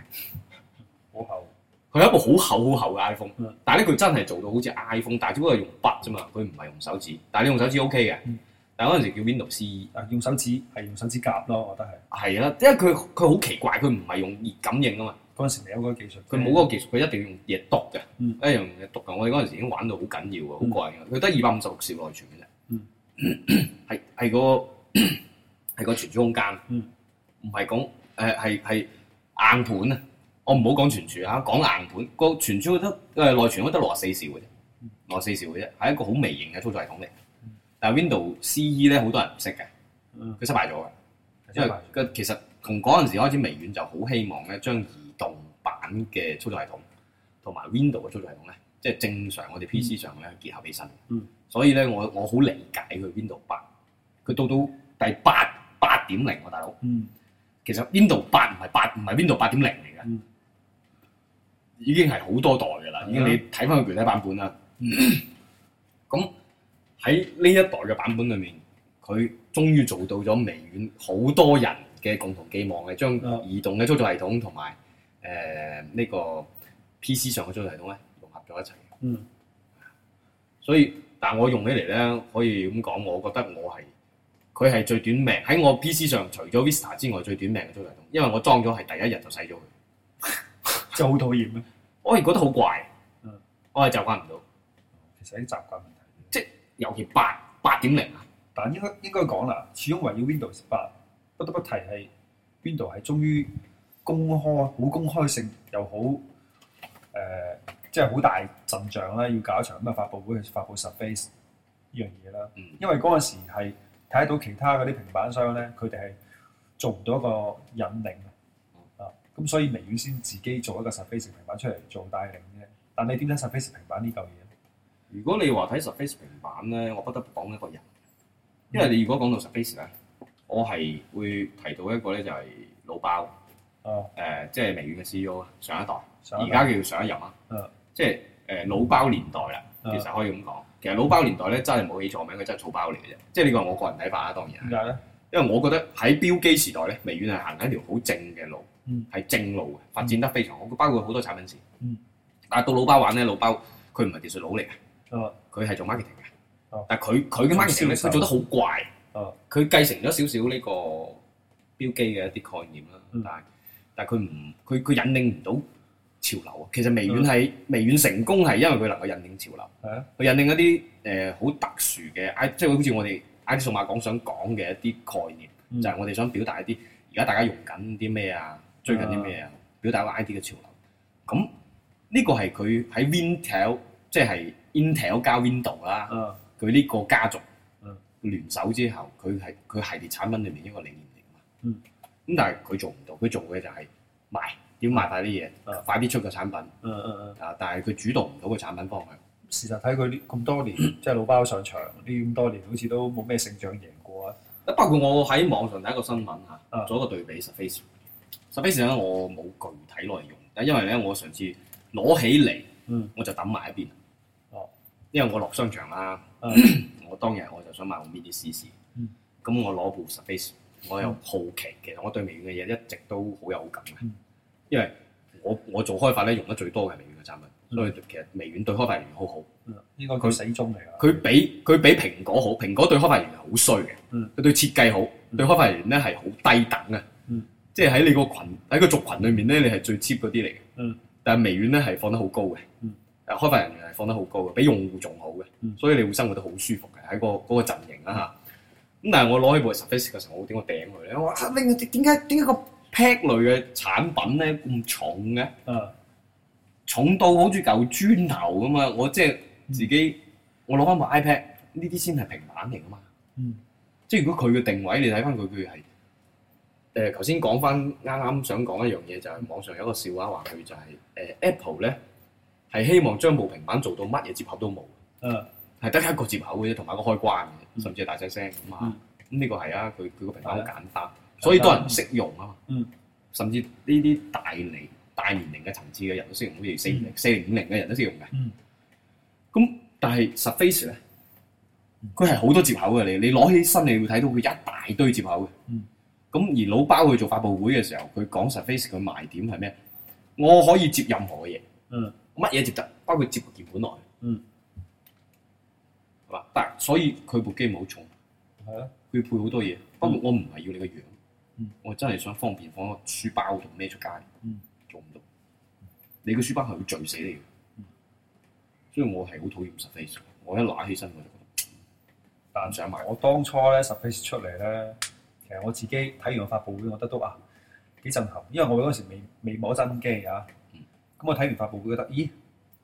好 厚。佢係一部好厚好厚嘅 iPhone、嗯。但係咧佢真係做到好似 iPhone，但係只不過係用筆啫嘛，佢唔係用手指，但係你用手指 OK 嘅。嗯。但嗰陣時叫 Windows CE，用手指係用手指甲咯，我覺得係。係啊，因為佢佢好奇怪，佢唔係用熱感應啊嘛。嗰陣時未有嗰個,、就是、個技術，佢冇嗰個技術，佢一定要用嘢篤嘅，一樣、嗯、用嘢篤嘅。我哋嗰陣時已經玩到好緊要啊，好貴嘅。佢得二百五十六兆內存嘅啫，係係、嗯、 個係 個存儲空間，唔係講誒係係硬盤啊。我唔好講存儲啊，講硬盤、個存儲得誒內存得六十四兆嘅啫，六十四兆嘅啫，係 一個好微型嘅操作系統嚟。但 Windows C.E. 咧，好多人唔識嘅，佢失敗咗嘅，因為其實從嗰陣時開始，微軟就好希望咧將移動版嘅操作系統同埋 Windows 嘅操作系統咧，即係正常我哋 P.C. 上咧結合起身。嗯，嗯，所以咧我我好理解佢 Windows 八，佢到到第八八點零喎，大佬。嗯，其實 Windows 八唔係八唔係 Windows 八點零嚟嘅，嗯、已經係好多代嘅啦。的已經你睇翻佢具體版本啦。咁、嗯。 喺呢一代嘅版本裏面，佢終於做到咗微軟好多人嘅共同寄望嘅，將移動嘅操作系統同埋誒呢個 P C 上嘅操作系統咧融合咗一齊。嗯。所以，但我用起嚟咧，可以咁講，我覺得我係佢係最短命喺我 P C 上，除咗 Vista 之外最短命嘅操作系統，因為我裝咗係第一日就洗咗佢， 就好討厭啊！我係覺得好怪，嗯、我係習慣唔到，其實已經習慣。尤其八八點零啊，但應該應該講啦，始終圍繞 Windows 八，不得不提係 Windows 係終於公開好公開性又好，誒、呃、即係好大陣仗啦，要搞一場咁嘅發佈會去發佈 Surface 呢樣嘢啦。嗯、因為陣時係睇到其他啲平板商咧，佢哋係做唔到一個引領啊，啊、嗯、咁所以微軟先自己做一個 Surface 平板出嚟做帶領啫。但你點解 Surface 平板呢舊嘢？如果你話睇 Surface 平板咧，我不得不講一個人，因為你如果講到 Surface 咧，我係會提到一個咧就係老包，誒、啊呃，即係微軟嘅 CEO，上一代，而家叫上一任啊，即係誒老包年代啦，啊、其實可以咁講。其實老包年代咧真係冇起錯名，佢真係草包嚟嘅啫。即係你話我個人睇法啦，當然。點解咧？因為我覺得喺標機時代咧，微軟係行緊條好正嘅路，係、嗯、正路嘅發展得非常好，嗯、包括好多產品線。嗯、但係到老包玩咧，老包佢唔係技術佬嚟嘅。佢係做 marketing 嘅，但係佢佢嘅 marketing 咧，佢做得好怪。佢繼承咗少少呢個標機嘅一啲概念啦，但係但係佢唔佢佢引領唔到潮流啊。其實微軟係、嗯、微軟成功係因為佢能夠引領潮流。佢引領一啲誒好特殊嘅 I，即係好似我哋 I D 數碼港想講嘅一啲概念，就係、是、我哋想表達一啲而家大家用緊啲咩啊，追緊啲咩啊，表達個 I D 嘅潮流。咁呢個係佢喺 Wintel 即、就、係、是。Intel 加 Window 啦、啊，佢呢個家族聯手之後，佢係佢系列產品裏面一個領先嚟嘅嘛。咁、嗯、但係佢做唔到，佢做嘅就係賣點賣快啲嘢，啊、快啲出個產品。啊，啊但係佢主動唔到個產品方向。事實睇佢呢咁多年，即係 老包上場呢咁多年，好似都冇咩勝仗贏過啊！啊，包括我喺網上睇一個新聞嚇，做一個對比，Surface。Surface 咧，我冇具體內容，因為咧我上次攞起嚟，我就抌埋一邊。嗯因為我落商場啦、啊 uh, 我當日我就想買個 mini CC，咁、嗯、我攞部 Surface，我又好奇，其實我對微軟嘅嘢一直都好有好感嘅，嗯、因為我我做開發咧用得最多嘅係微軟嘅產品，所以、嗯、其實微軟對開發人員好好。嗯，應該佢死忠嚟佢比佢比蘋果好，蘋果對開發人員係好衰嘅，佢、嗯、對設計好，嗯、對開發人員咧係好低等嘅，嗯、即係喺你個羣喺個族群裡面咧，你係最 cheap 嗰啲嚟嘅，但係微軟咧係放得好高嘅。誒開發人員係放得好高嘅，比用戶仲好嘅，嗯、所以你會生活得好舒服嘅喺、那個嗰、那個陣營啦嚇。咁、嗯、但係我攞起部 Surface 嘅時候，我點解掟佢咧？我話：點解點解個 Pad 類嘅產品咧咁重嘅？啊、重到好似嚿磚頭咁啊！我即係自己，嗯、我攞翻部 iPad，呢啲先係平板嚟㗎嘛。嗯、即係如果佢嘅定位，你睇翻佢佢係誒頭先講翻啱啱想講一樣嘢，就係、是、網上有一個笑話話佢就係、是、誒、呃、Apple 咧。係希望將部平板做到乜嘢接口都冇，嗯，係得一個接口嘅啫，同埋個開關，mm hmm. 甚至係大細聲咁、mm hmm. 啊。咁呢個係啊，佢佢個平板好簡單，mm hmm. 所以多人識用啊，嗯、mm，hmm. 甚至呢啲大年大年齡嘅層次嘅人都識用，好似四零四零五零嘅人都識用嘅，咁、mm hmm. 但係 Surface 咧，佢係好多接口嘅，你你攞起身，你會睇到佢一大堆接口嘅。咁、mm hmm. 而老包去做發佈會嘅時候，佢講 Surface 佢賣點係咩？我可以接任何嘅嘢，嗯、mm。Hmm. 乜嘢接得，包括接鍵盤來，嗯，係嘛吧？但所以佢部機冇重，係啊，佢配好多嘢。嗯、不過我唔係要你個樣，嗯、我真係想方便放個書包同孭出街，嗯，做唔到。你個書包係會醉死你，嗯。所以我係好討厭 Surface，我一攞起身我就覺得，但唔想賣。我當初咧 Surface 出嚟咧，其實我自己睇完個發布會，我覺得都啊幾震撼，因為我嗰陣時未未摸真機啊。啊咁、嗯、我睇完發布會覺得，咦，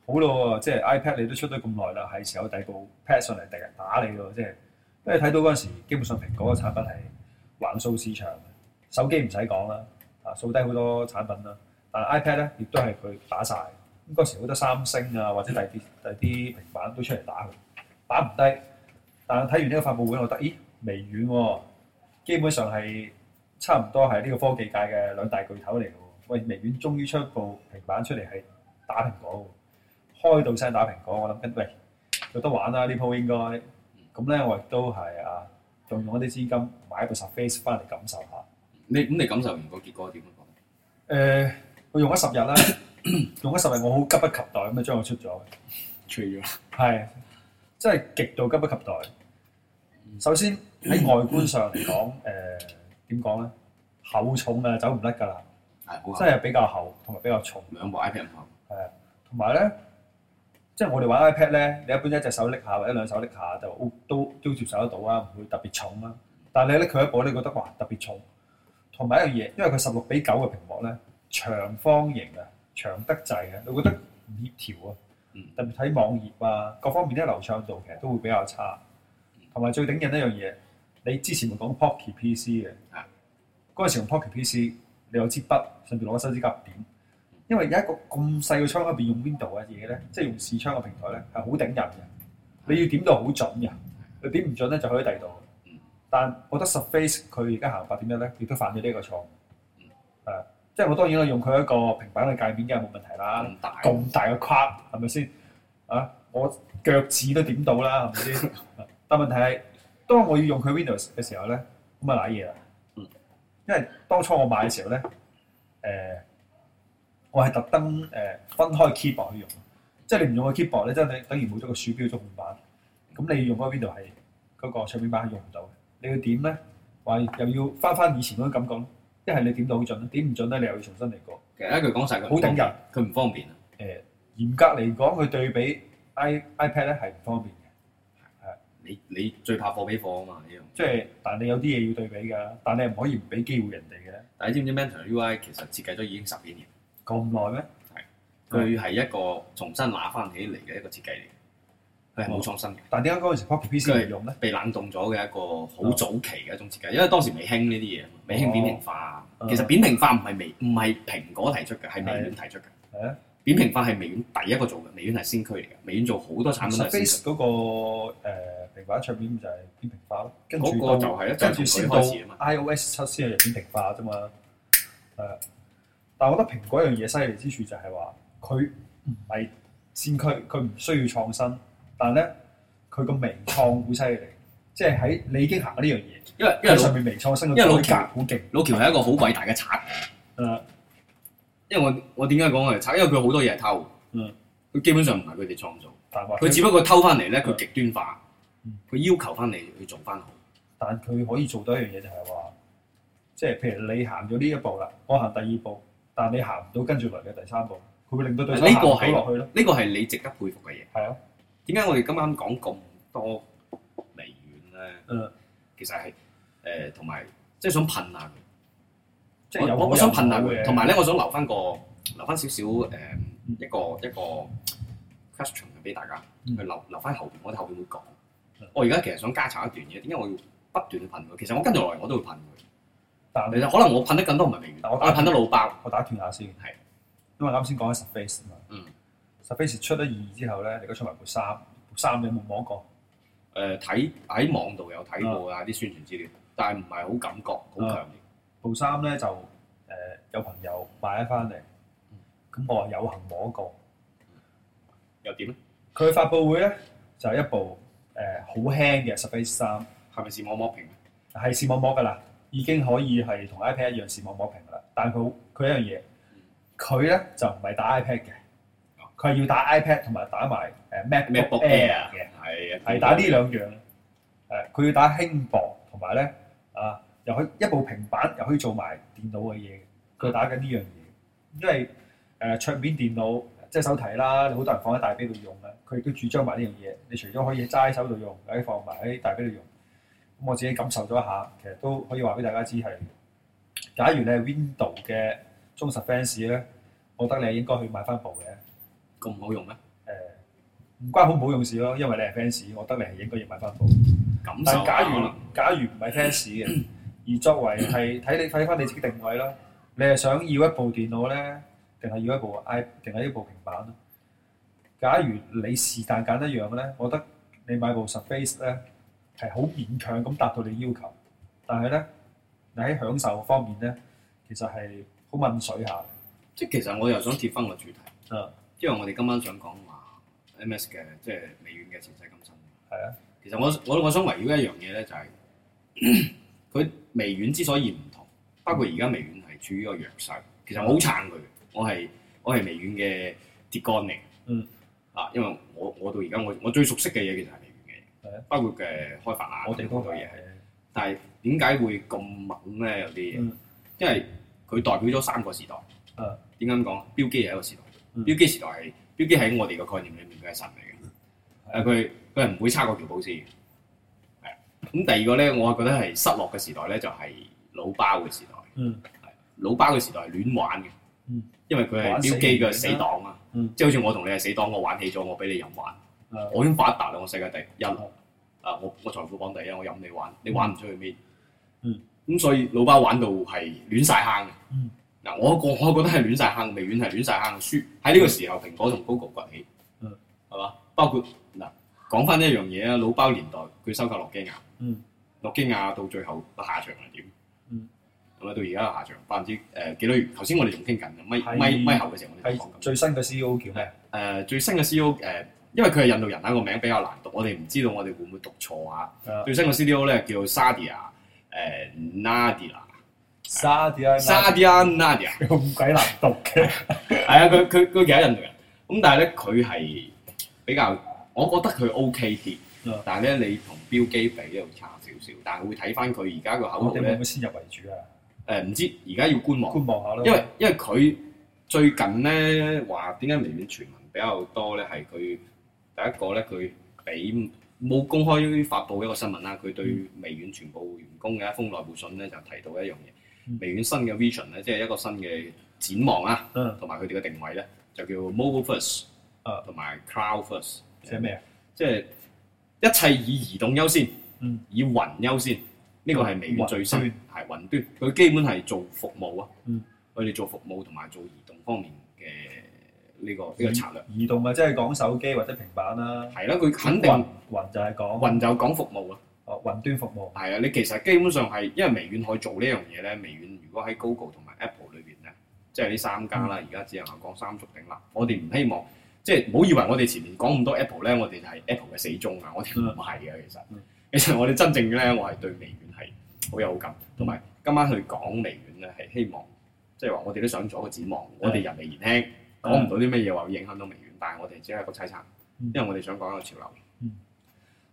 好咯，即係 iPad 你都出咗咁耐啦，係時候第二部 Pad 上嚟敵人打你咯，即係，因為睇到嗰陣時基本上蘋果嘅產品係橫掃市場，手機唔使講啦，啊掃低好多產品啦，但係 iPad 咧亦都係佢打晒。咁嗰時好多三星啊或者第啲第啲平板都出嚟打佢，打唔低，但係睇完呢個發布會，我覺得，咦，微軟喎、哦，基本上係差唔多係呢個科技界嘅兩大巨頭嚟喂，微軟終於出一部平板出嚟，係打蘋果，開到聲打蘋果。我諗緊，喂，有得玩啦呢鋪應該咁咧。我亦都係啊，仲用一啲資金買一部 Surface 翻嚟感受下。你咁、嗯、你感受唔到結果點樣講？誒、呃，我用咗十日啦， 用咗十日我好急不及待，咁啊將佢出咗，除咗係真係極度急不及待。首先喺外觀上嚟講，誒、呃、點講咧？厚重啊，走唔甩㗎啦。真係比較厚，同埋比較重。兩部 iPad 唔同。係啊，同埋咧，即係我哋玩 iPad 咧，你一般一隻手拎下或者兩手拎下就都都接受得到啊，唔會特別重啦、啊。但係你拎佢一部你覺得哇特別重。同埋一樣嘢，因為佢十六比九嘅屏幕咧，長方形啊，長得滯啊，你覺得唔協調啊。嗯。特別睇網頁啊，各方面啲流暢度其實都會比較差。同埋最頂癮一樣嘢，你之前咪講 Pocket PC 嘅？係。嗰陣時用 Pocket PC。你有支筆，甚至攞個手指甲點，因為有一個咁細個窗入邊用 Windows 嘅嘢咧，即係用視窗個平台咧係好頂人嘅。你要點到好準嘅，你點唔準咧就可以第二度。但我覺得 Surface 佢而家行8.1咧，亦都犯咗呢個錯誤。誒、啊，即係我當然可用佢一個平板嘅界面梗係冇問題啦。咁大咁大嘅框係咪先啊？我腳趾都點到啦係咪先？是是 但問題係當我要用佢 Windows 嘅時候咧，咁啊揦嘢啦。因為當初我買嘅時候咧，誒、呃，我係特登誒分開 keyboard 去用，即係你唔用個 keyboard 咧，即係你等於冇咗個鼠標觸控板，咁你用開邊度係嗰個桌面板係用唔到嘅。你要點咧？話又要翻翻以前嗰種感覺，即係你點到好準，點唔準咧，你又要重新嚟過。其實一句講晒佢，好頂人，佢唔方便啊。誒、呃，嚴格嚟講，佢對比 i iPad 咧係唔方便。你最怕貨比貨啊嘛？呢樣即係，但你有啲嘢要對比噶，但你係唔可以唔俾機會人哋嘅。但你知唔知 Metro UI 其實設計咗已經十幾年？咁耐咩？係是，佢係、嗯、一個重新拿翻起嚟嘅一個設計嚟，嘅。佢係冇創新嘅。嗯、但點解嗰陣時 Pocket PC 嚟用咧？被冷凍咗嘅一個好早期嘅一種設計，嗯、因為當時未興呢啲嘢，未興扁平化。嗯、其實扁平化唔係微唔係蘋果提出嘅，係微軟提出嘅。嚇、嗯！嗯扁平化係微軟第一個做嘅，微軟係先驅嚟嘅，微軟做好多產品都係先驅。嗰個平板唱片就係扁平化咯，嗰個就係、是、啦，跟住先到 iOS 七先係扁平化啫嘛。誒、啊，但係我覺得蘋果一樣嘢犀利之處就係話，佢唔係先驅，佢唔需要創新，但係咧佢個微創好犀利，即係喺你已經行咗呢樣嘢，因為因為上面微創新因，因為老喬好勁，老喬係一個好偉大嘅賊。誒、嗯。嗯嗯。因為我我點解講係拆？因為佢好多嘢係偷，佢、嗯、基本上唔係佢哋創造，佢只不過偷翻嚟咧，佢、嗯、極端化，佢、嗯、要求翻嚟要做翻好。但佢可以做到一樣嘢，就係、是、話，即係譬如你行咗呢一步啦，我行第二步，但係你行唔到跟住落嚟嘅第三步，佢唔會令到對方行唔落去咯？呢個係你值得佩服嘅嘢。係啊，點解我哋咁啱講咁多微軟咧？嗯。其實係誒同埋即係想噴難。即係我，我想噴下，佢，同埋咧，我想留翻個，留翻少少誒一個一個,個 question 俾大家，去留留翻後面，我後面會講。我而家其實想加插一段嘢，點解我要不斷去噴佢？其實我跟住落嚟，我都會噴佢。但係你可能我噴得更多唔係明言，但我噴得老爆，我打斷下先。係，因為啱先講緊 Surface 嘛。嗯。Surface 出咗二之後咧，你而家出埋部三，三你有冇摸過？誒，睇喺網度有睇過啊啲宣傳資料，但係唔係好感覺，好強烈。部衫咧就誒有朋友買咗翻嚟，咁我話有幸摸過，又點咧？佢發佈會咧就一部誒好輕嘅 Surface 三，係咪視網膜屏？係視網膜㗎喇，已經可以係同 iPad 一樣視網膜屏㗎喇。但佢佢一樣嘢，佢咧就唔係打 iPad 嘅，佢係要打 iPad 同埋打埋誒 MacBook Air 嘅，係係打呢兩樣。誒，佢要打輕薄同埋咧啊。又可以一部平板又可以做埋電腦嘅嘢，佢打緊呢樣嘢，因為誒、呃、桌面電腦即係手提啦，好多人放喺大髀度用啊。佢亦都主張埋呢樣嘢，你除咗可以揸喺手度用，又可以放埋喺大髀度用。咁、嗯、我自己感受咗一下，其實都可以話俾大家知係。假如你係 Windows 嘅忠實 fans 咧，我覺得你應該去買翻部嘅。咁唔好用咩？誒唔、呃、關好唔好用事咯，因為你係 fans，我覺得你係應該要買翻部。但假如假如唔係 fans 嘅？ 而作為係睇你睇翻你自己定位啦，你係想要一部電腦咧，定係要一部 i，定係一部平板？假如你是但揀一樣咧，我覺得你買部 Surface 咧係好勉強咁達到你要求，但係咧，你喺享受方面咧，其實係好掹水下。即係其實我又想貼翻個主題，嗯，因為我哋今晚想講話 MS 嘅即係微軟嘅前世今生嘅。係啊，其實我我我想圍繞一樣嘢咧，就係佢。微軟之所以唔同，包括而家微軟係處於一個弱勢，其實我好撐佢，我係我係微軟嘅鐵桿嚟。嗯。啊，因為我我到而家我我最熟悉嘅嘢其實係微軟嘅嘢。係啊的。包括嘅開發啊。我哋多對嘢。的但係點解會咁猛咧？有啲嘢，嗯、因為佢代表咗三個時代。嗯的。點解咁講？Bill Gates 係一個時代。嗯。Bill Gates 時代係 Bill Gates 喺我哋嘅概念裡面佢係神嚟嘅。係啊的。佢佢唔會差過條保線。咁第二個咧，我係覺得係失落嘅時代咧，就係、是、老包嘅時代。嗯，老包嘅時代亂玩嘅，嗯、因為佢係飆機嘅死黨啊。嗯、即係好似我同你係死黨，我玩起咗，我俾你任玩。嗯、我已經發達咗我世界第一，嗯、啊，我我財富榜第一，我任你玩，你玩唔出去咩？嗯，咁、嗯、所以老包玩到係亂晒坑嘅。嗯，嗱我個我覺得係亂晒坑，未完係亂晒坑。輸喺呢個時候，蘋果同 Google 崛起。嗯，係嘛？包括。講翻一樣嘢啊！老包年代佢收購諾基亞，諾基亞到最後個下場係點？咁啊，到而家個下場百分之誒幾多？頭先我哋仲傾緊，咪咪咪後嘅時候我哋講。最新嘅 C E O 叫咩？誒最新嘅 C E O 誒，因為佢係印度人啦，個名比較難讀，我哋唔知道我哋會唔會讀錯啊？最新嘅 C E O 咧叫沙迪亞誒納迪拉。沙迪亞。沙迪亞納迪亞。咁鬼難讀嘅！係啊，佢佢佢其實係印度人，咁但係咧佢係比較。我覺得佢 OK 啲，但係咧你同 Bill Gates 比又差少少，但係會睇翻佢而家個口號咧。啊、你先入為主啊！誒唔、呃、知而家要觀望，觀望下咯。因為因為佢最近咧話點解微軟傳聞比較多咧？係佢第一個咧，佢俾冇公開發布一個新聞啦。佢對於微軟全部員工嘅一封內部信咧就提到一樣嘢。嗯、微軟新嘅 Vision 咧，即係一個新嘅展望啊，同埋佢哋嘅定位咧，就叫 Mobile First，同埋 Cloud First。即係咩啊？即係一切以移動優先，嗯、以雲優先。呢個係微軟最新，係雲，雲端，佢基本係做服務啊。佢哋、嗯、做服務同埋做移動方面嘅呢個呢個策略。移動咪即係講手機或者平板啦、啊。係啦、啊，佢肯定雲，雲就係講雲就講服務啊。哦，雲端服務係啊。你其實基本上係因為微軟可以做呢樣嘢咧，微軟如果喺 Google 同埋 Apple 裏邊咧，即係呢三家啦。而家、嗯、只能夠講三足鼎立。我哋唔希望。即係唔好以為我哋前面講咁多 Apple 咧，我哋就係 Apple 嘅死忠啊！我哋唔係嘅，其實、嗯、其實我哋真正咧，我係對微軟係好有好感。同埋、嗯、今晚去講微軟咧，係希望即係話我哋都想做一個展望。嗯、我哋人微言輕，嗯、講唔到啲咩嘢話會影響到微軟，但係我哋只係一個猜測，因為我哋想講一個潮流。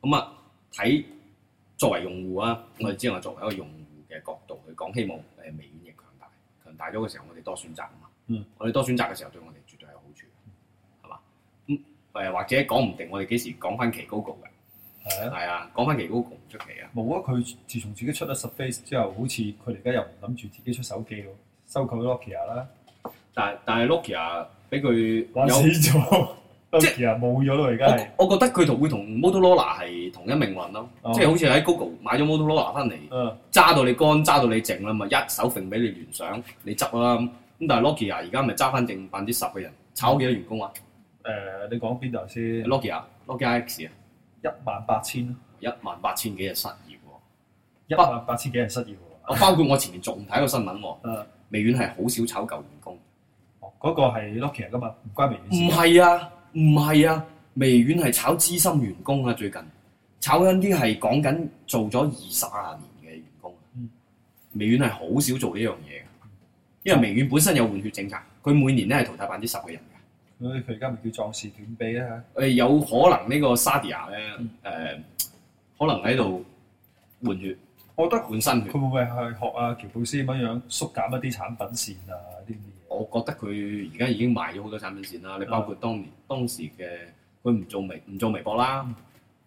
咁、嗯、啊，睇作為用戶啊，我哋只能夠作為一個用戶嘅角度去講，希望誒微軟亦強大，強大咗嘅時候，我哋多選擇啊嘛。嗯、我哋多選擇嘅時候對我。誒或者講唔定我哥哥，我哋幾時講翻期 Google 嘅？係啊，係啊，講翻期 Google 唔出奇啊！冇啊，佢自從自己出咗 Surface 之後，好似佢而家又諗住自己出手機喎，收購 Nokia 啦。但係但係 Nokia 俾佢玩死咗 ok 即 o 冇咗咯，而家我，我覺得佢同會同 Motorola 係同一命運咯、啊，哦、即係好似喺 Google 買咗 Motorola 翻嚟，揸、嗯、到你乾，揸到你淨啦，嘛，一手揈俾你聯想，你執啦。咁但係 Nokia 而家咪揸翻剩百分之十嘅人，炒幾多員工啊？誒，你講邊度先？Logica，Logica X 啊，一萬八千一萬八千幾日失業喎，一萬八千幾日失業喎，我包括我前面仲睇一個新聞喎，啊、微軟係好少炒舊員工，哦，嗰、嗰個係 Logica、ok、噶嘛，唔關微軟事，唔係啊，唔係啊，微軟係炒資深員工啊，最近炒緊啲係講緊做咗二十啊年嘅員工，嗯、微軟係好少做呢樣嘢嘅，因為微軟本身有換血政策，佢每年咧係淘汰百分之十嘅人。佢而家咪叫壯士斷臂啊，嚇！誒有可能呢個沙迪亞咧誒、嗯呃、可能喺度換血，我覺得換新血佢會唔會係學阿、啊、喬布斯咁樣樣縮減一啲產品線啊？啲咩？我覺得佢而家已經賣咗好多產品線啦。嗯、你包括當年當時嘅，佢唔做微唔做微博啦，嗯、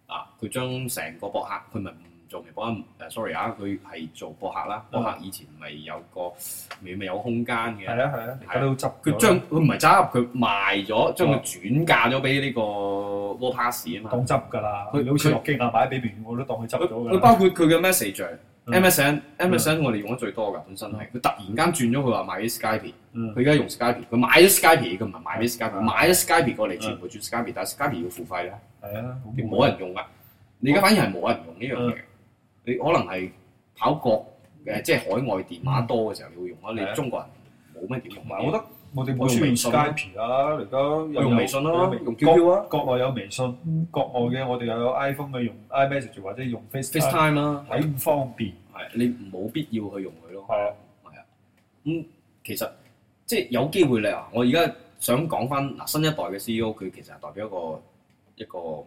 啊！佢將成個博客佢咪？做微博啊，誒，sorry 啊，佢係做博客啦。博客以前咪有個未未有空間嘅。係啊係啊，大家都執佢將佢唔係執佢賣咗，將佢轉嫁咗俾呢個 WhatsApp 啊嘛。當執㗎啦，佢好似落機架擺俾邊我都當佢執咗佢包括佢嘅 message，MSN，MSN 我哋用得最多㗎，本身係佢突然間轉咗佢話賣俾 Skype，佢而家用 Skype，佢買咗 Skype，佢唔係賣俾 Skype，買咗 Skype 過嚟全部轉 Skype，但 Skype 要付費啦。係啊，冇人用㗎，你而家反而係冇人用呢樣嘢。你可能係跑國誒，即係海外電話多嘅時候，你會用啊。你中國人冇咩點用。啊？我覺得我哋冇用街皮啊，而家有用微信啦，用 QQ 啊。國內有微信，國外嘅我哋又有 iPhone 嘅用 iMessage 或者用 FaceTime 啦。係唔方便，係你冇必要去用佢咯。係啊，係啊。咁其實即係有機會咧啊！我而家想講翻嗱，新一代嘅 CEO 佢其實係代表一個一個誒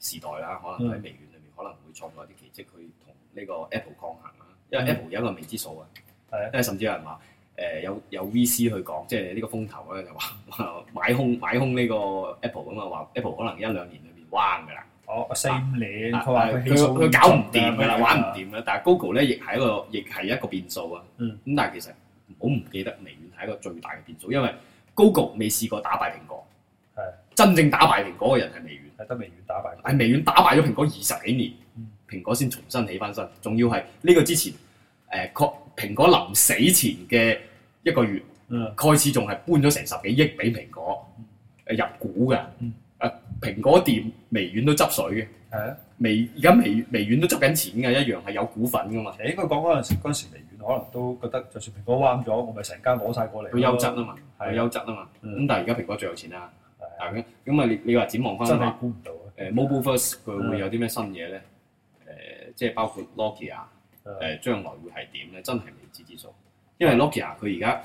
時代啦，可能喺微軟。可能會創造一啲奇蹟去同呢個 Apple 抗衡啊，因為 Apple 有一個未知數啊。係啊、嗯，甚至有人話誒、呃、有有 VC 去講，即係呢個風投咧就話、是、買空買空呢個 Apple 咁啊，話 Apple 可能一兩年裏面完㗎啦。哦，我信你，佢話佢佢搞唔掂㗎啦，玩唔掂㗎。嗯、但係 Google 咧亦係一個亦係一個變數啊。咁、嗯、但係其實唔好唔記得，微軟係一個最大嘅變數，因為 Google 未試過打敗蘋果。真正打敗蘋果嘅人係微軟，係得微軟打敗。係微軟打敗咗蘋果二十幾年，嗯、蘋果先重新起翻身。仲要係呢個之前，誒、呃，蘋果臨死前嘅一個月，蓋、嗯、茨仲係搬咗成十幾億俾蘋果、嗯、入股嘅。誒、嗯啊，蘋果店微軟都執水嘅。係啊，微而家微微軟都執緊錢嘅，一樣係有股份㗎嘛。誒，應該講嗰陣時，嗰陣時微軟可能都覺得，就算蘋果彎咗，我咪成間攞晒過嚟。佢優質啊嘛，佢優質啊嘛。咁、啊、但係而家蘋果最有錢啊！咁，啊你你話展望翻真係估唔到誒，Mobile First 佢會有啲咩新嘢咧？誒、呃，即係包括 Nokia、ok、誒、嗯呃，將來會係點咧？真係未知之數。因為 Nokia 佢而家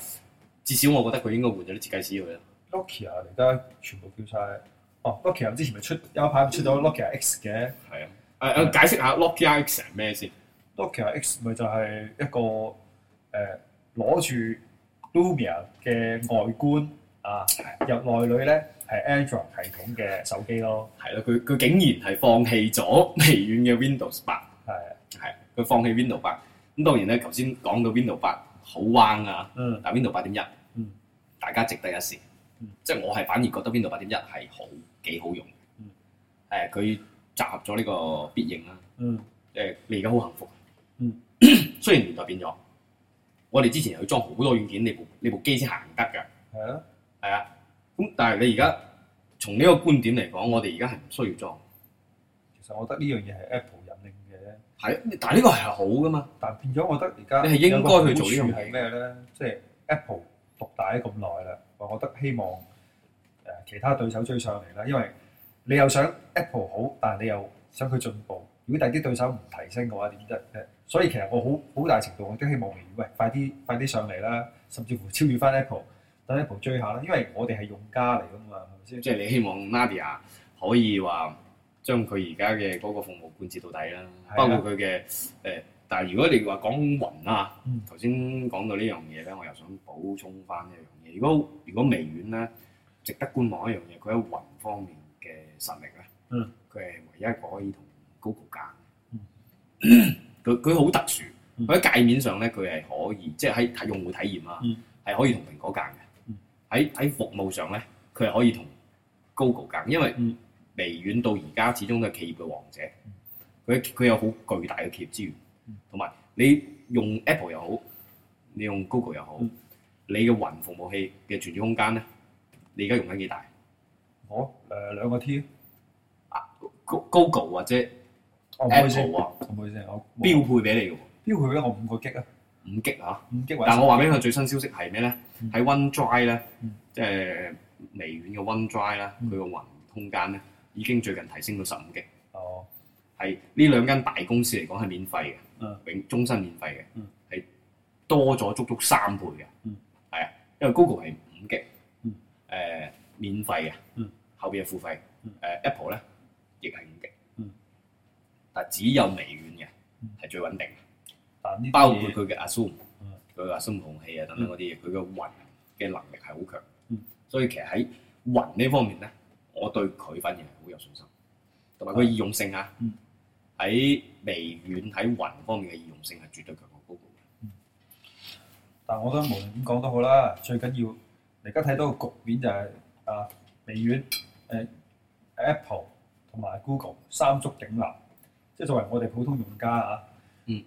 至少我覺得佢應該換咗啲設計師去。Nokia 而家全部叫晒。哦、啊、Nokia 之前咪出有一排唔出咗 Nokia、ok、X 嘅。係啊，誒誒，解釋下 Nokia、ok、X 係咩先？Nokia X 咪就係一個誒攞、呃、住 Lumia 嘅外觀。嗯啊，入內的裏咧係 Android 系統嘅手機咯，係咯，佢佢竟然係放棄咗微軟嘅 Windows 八的，係係佢放棄 Windows 八。咁，當然咧，頭先講到 Windows 八好彎啊，嗯、但 Windows 八點、嗯、一，大家值得一試，嗯、即係我係反而覺得 Windows 八點一係好幾好用，誒、嗯，佢、呃、集合咗呢個必應啦，誒、嗯呃，你而家好幸福，嗯， 雖然年代變咗，我哋之前去要裝好多軟件，你，你部呢部機先行得噶，係咯。係啊，咁但係你而家從呢個觀點嚟講，我哋而家係唔需要裝。其實我覺得呢樣嘢係 Apple 引領嘅。係，但呢個係好噶嘛？但變咗，我覺得而家你係應該去做呢樣嘢。係咩咧？即係 Apple 獨大咗咁耐啦，我覺得希望誒、呃、其他對手追上嚟啦，因為你又想 Apple 好，但係你又想佢進步。如果第啲對手唔提升嘅話，點得？所以其實我好好大程度我都希望你喂快啲快啲上嚟啦，甚至乎超越翻 Apple。第一步追一下啦，因為我哋係用家嚟噶嘛，即係你希望 Nadia 可以話將佢而家嘅嗰個服務貫徹到底啦，的包括佢嘅誒。但係如果你話講雲啊，頭先講到呢樣嘢咧，我又想補充翻呢樣嘢。如果如果微軟咧，值得觀望一樣嘢，佢喺雲方面嘅實力咧，佢係、嗯、唯一一個可以同 Google 架，佢佢好特殊。佢喺、嗯、界面上咧，佢係可以即係喺用戶體驗啊，係可以同蘋果架嘅。喺喺服務上咧，佢係可以同 Google 揀，因為微軟到而家始終都係企業嘅王者，佢佢有好巨大嘅企業資源，同埋你用 Apple 又好，你用 Google 又好，嗯、你嘅雲服務器嘅存儲空間咧，你而家用緊幾大？好、哦？誒、呃、兩個 T，Google、啊、或者 Apple 啊、哦，唔好意思，我標配俾你嘅喎，標配俾我五個 G 啊，五 G 嚇、啊，五 G、啊、G, G? 但係我話俾你聽最新消息係咩咧？喺 OneDrive 咧，即係微軟嘅 OneDrive 咧，佢個雲空間咧已經最近提升到十五 G。哦，係呢兩間大公司嚟講係免費嘅，永終身免費嘅，係、uh. 多咗足足三倍嘅。係啊、uh.，因為 Google 係五 G，誒、uh. 呃、免費嘅，uh. 後邊係付費。誒、uh. Apple 咧亦係五 G，但只有微軟嘅係、uh. 最穩定，嘅，uh. 包括佢嘅 Azure 佢話深空氣啊，等等嗰啲嘢，佢嘅雲嘅能力係好強，嗯、所以其實喺雲呢方面咧，我對佢反而係好有信心，同埋佢易用性啊，喺、嗯、微軟喺雲方面嘅易用性係絕對強過 Google 嘅。但係我覺得無論點講都好啦，最緊要你而家睇到個局面就係、是、啊微軟、誒、啊、Apple 同埋 Google 三足鼎立，即係作為我哋普通用家嚇，點、啊嗯、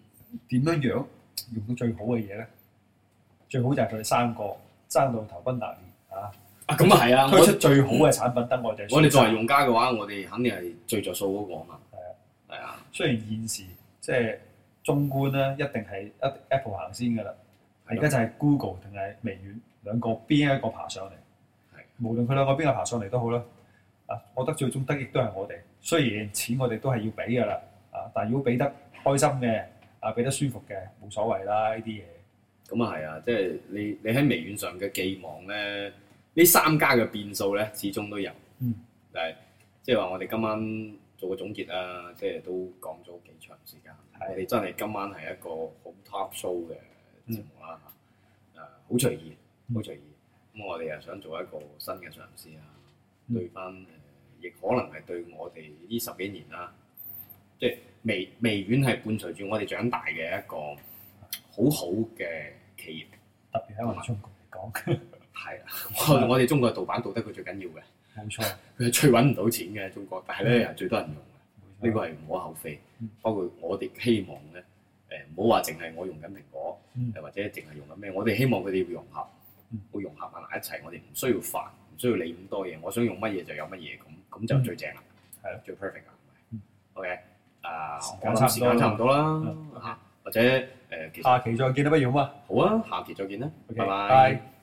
樣樣用，用到最好嘅嘢咧？最好就係佢哋三個爭到頭崩大裂啊，咁，啊係啊！推出最好嘅產品得，啊啊，我哋我哋作為用家嘅話，我哋肯定係最着數嗰，那個嘛。係啊，係啊。雖然現時即係，就是，中觀咧，一定係一 Apple 行先㗎喇。而家的就係 Google 定係微軟兩個邊一個爬上嚟？係，的無論佢兩個邊個爬上嚟都好啦。啊，我覺得最終得益都係我哋。雖然錢我哋都係要俾㗎喇，啊，但係如果俾得開心嘅啊，俾得舒服嘅冇所謂啦，呢啲嘢。咁啊係啊，即係你你喺微軟上嘅寄望咧，呢三家嘅變數咧，始終都有。嗯。誒，即係話我哋今晚做個總結啦，即係都講咗幾長時間。係。你真係今晚係一個好 top show 嘅節目啦，啊，好隨意，好隨意。咁我哋又想做一個新嘅嘗試啊，對翻誒，亦可能係對我哋呢十幾年啦，即係微微軟係伴隨住我哋長大嘅一個好好嘅企業特別喺我哋中國嚟講，係啊，我哋中國盜版盜得佢最緊要嘅，冇錯。佢係最揾唔到錢嘅中國，但係咧又最多人用，呢個係唔可厚非。包括我哋希望咧，誒唔好話淨係我用緊蘋果，又或者淨係用緊咩，我哋希望佢哋要融合，會融合埋一齊。我哋唔需要煩，唔需要理咁多嘢。我想用乜嘢就有乜嘢，咁咁就最正啦。係啦，最 perfect 啊。OK，啊，時間差唔多啦。或者、呃、下期再見都一樣嘛。好吧？好啊，下期再見啦。拜拜。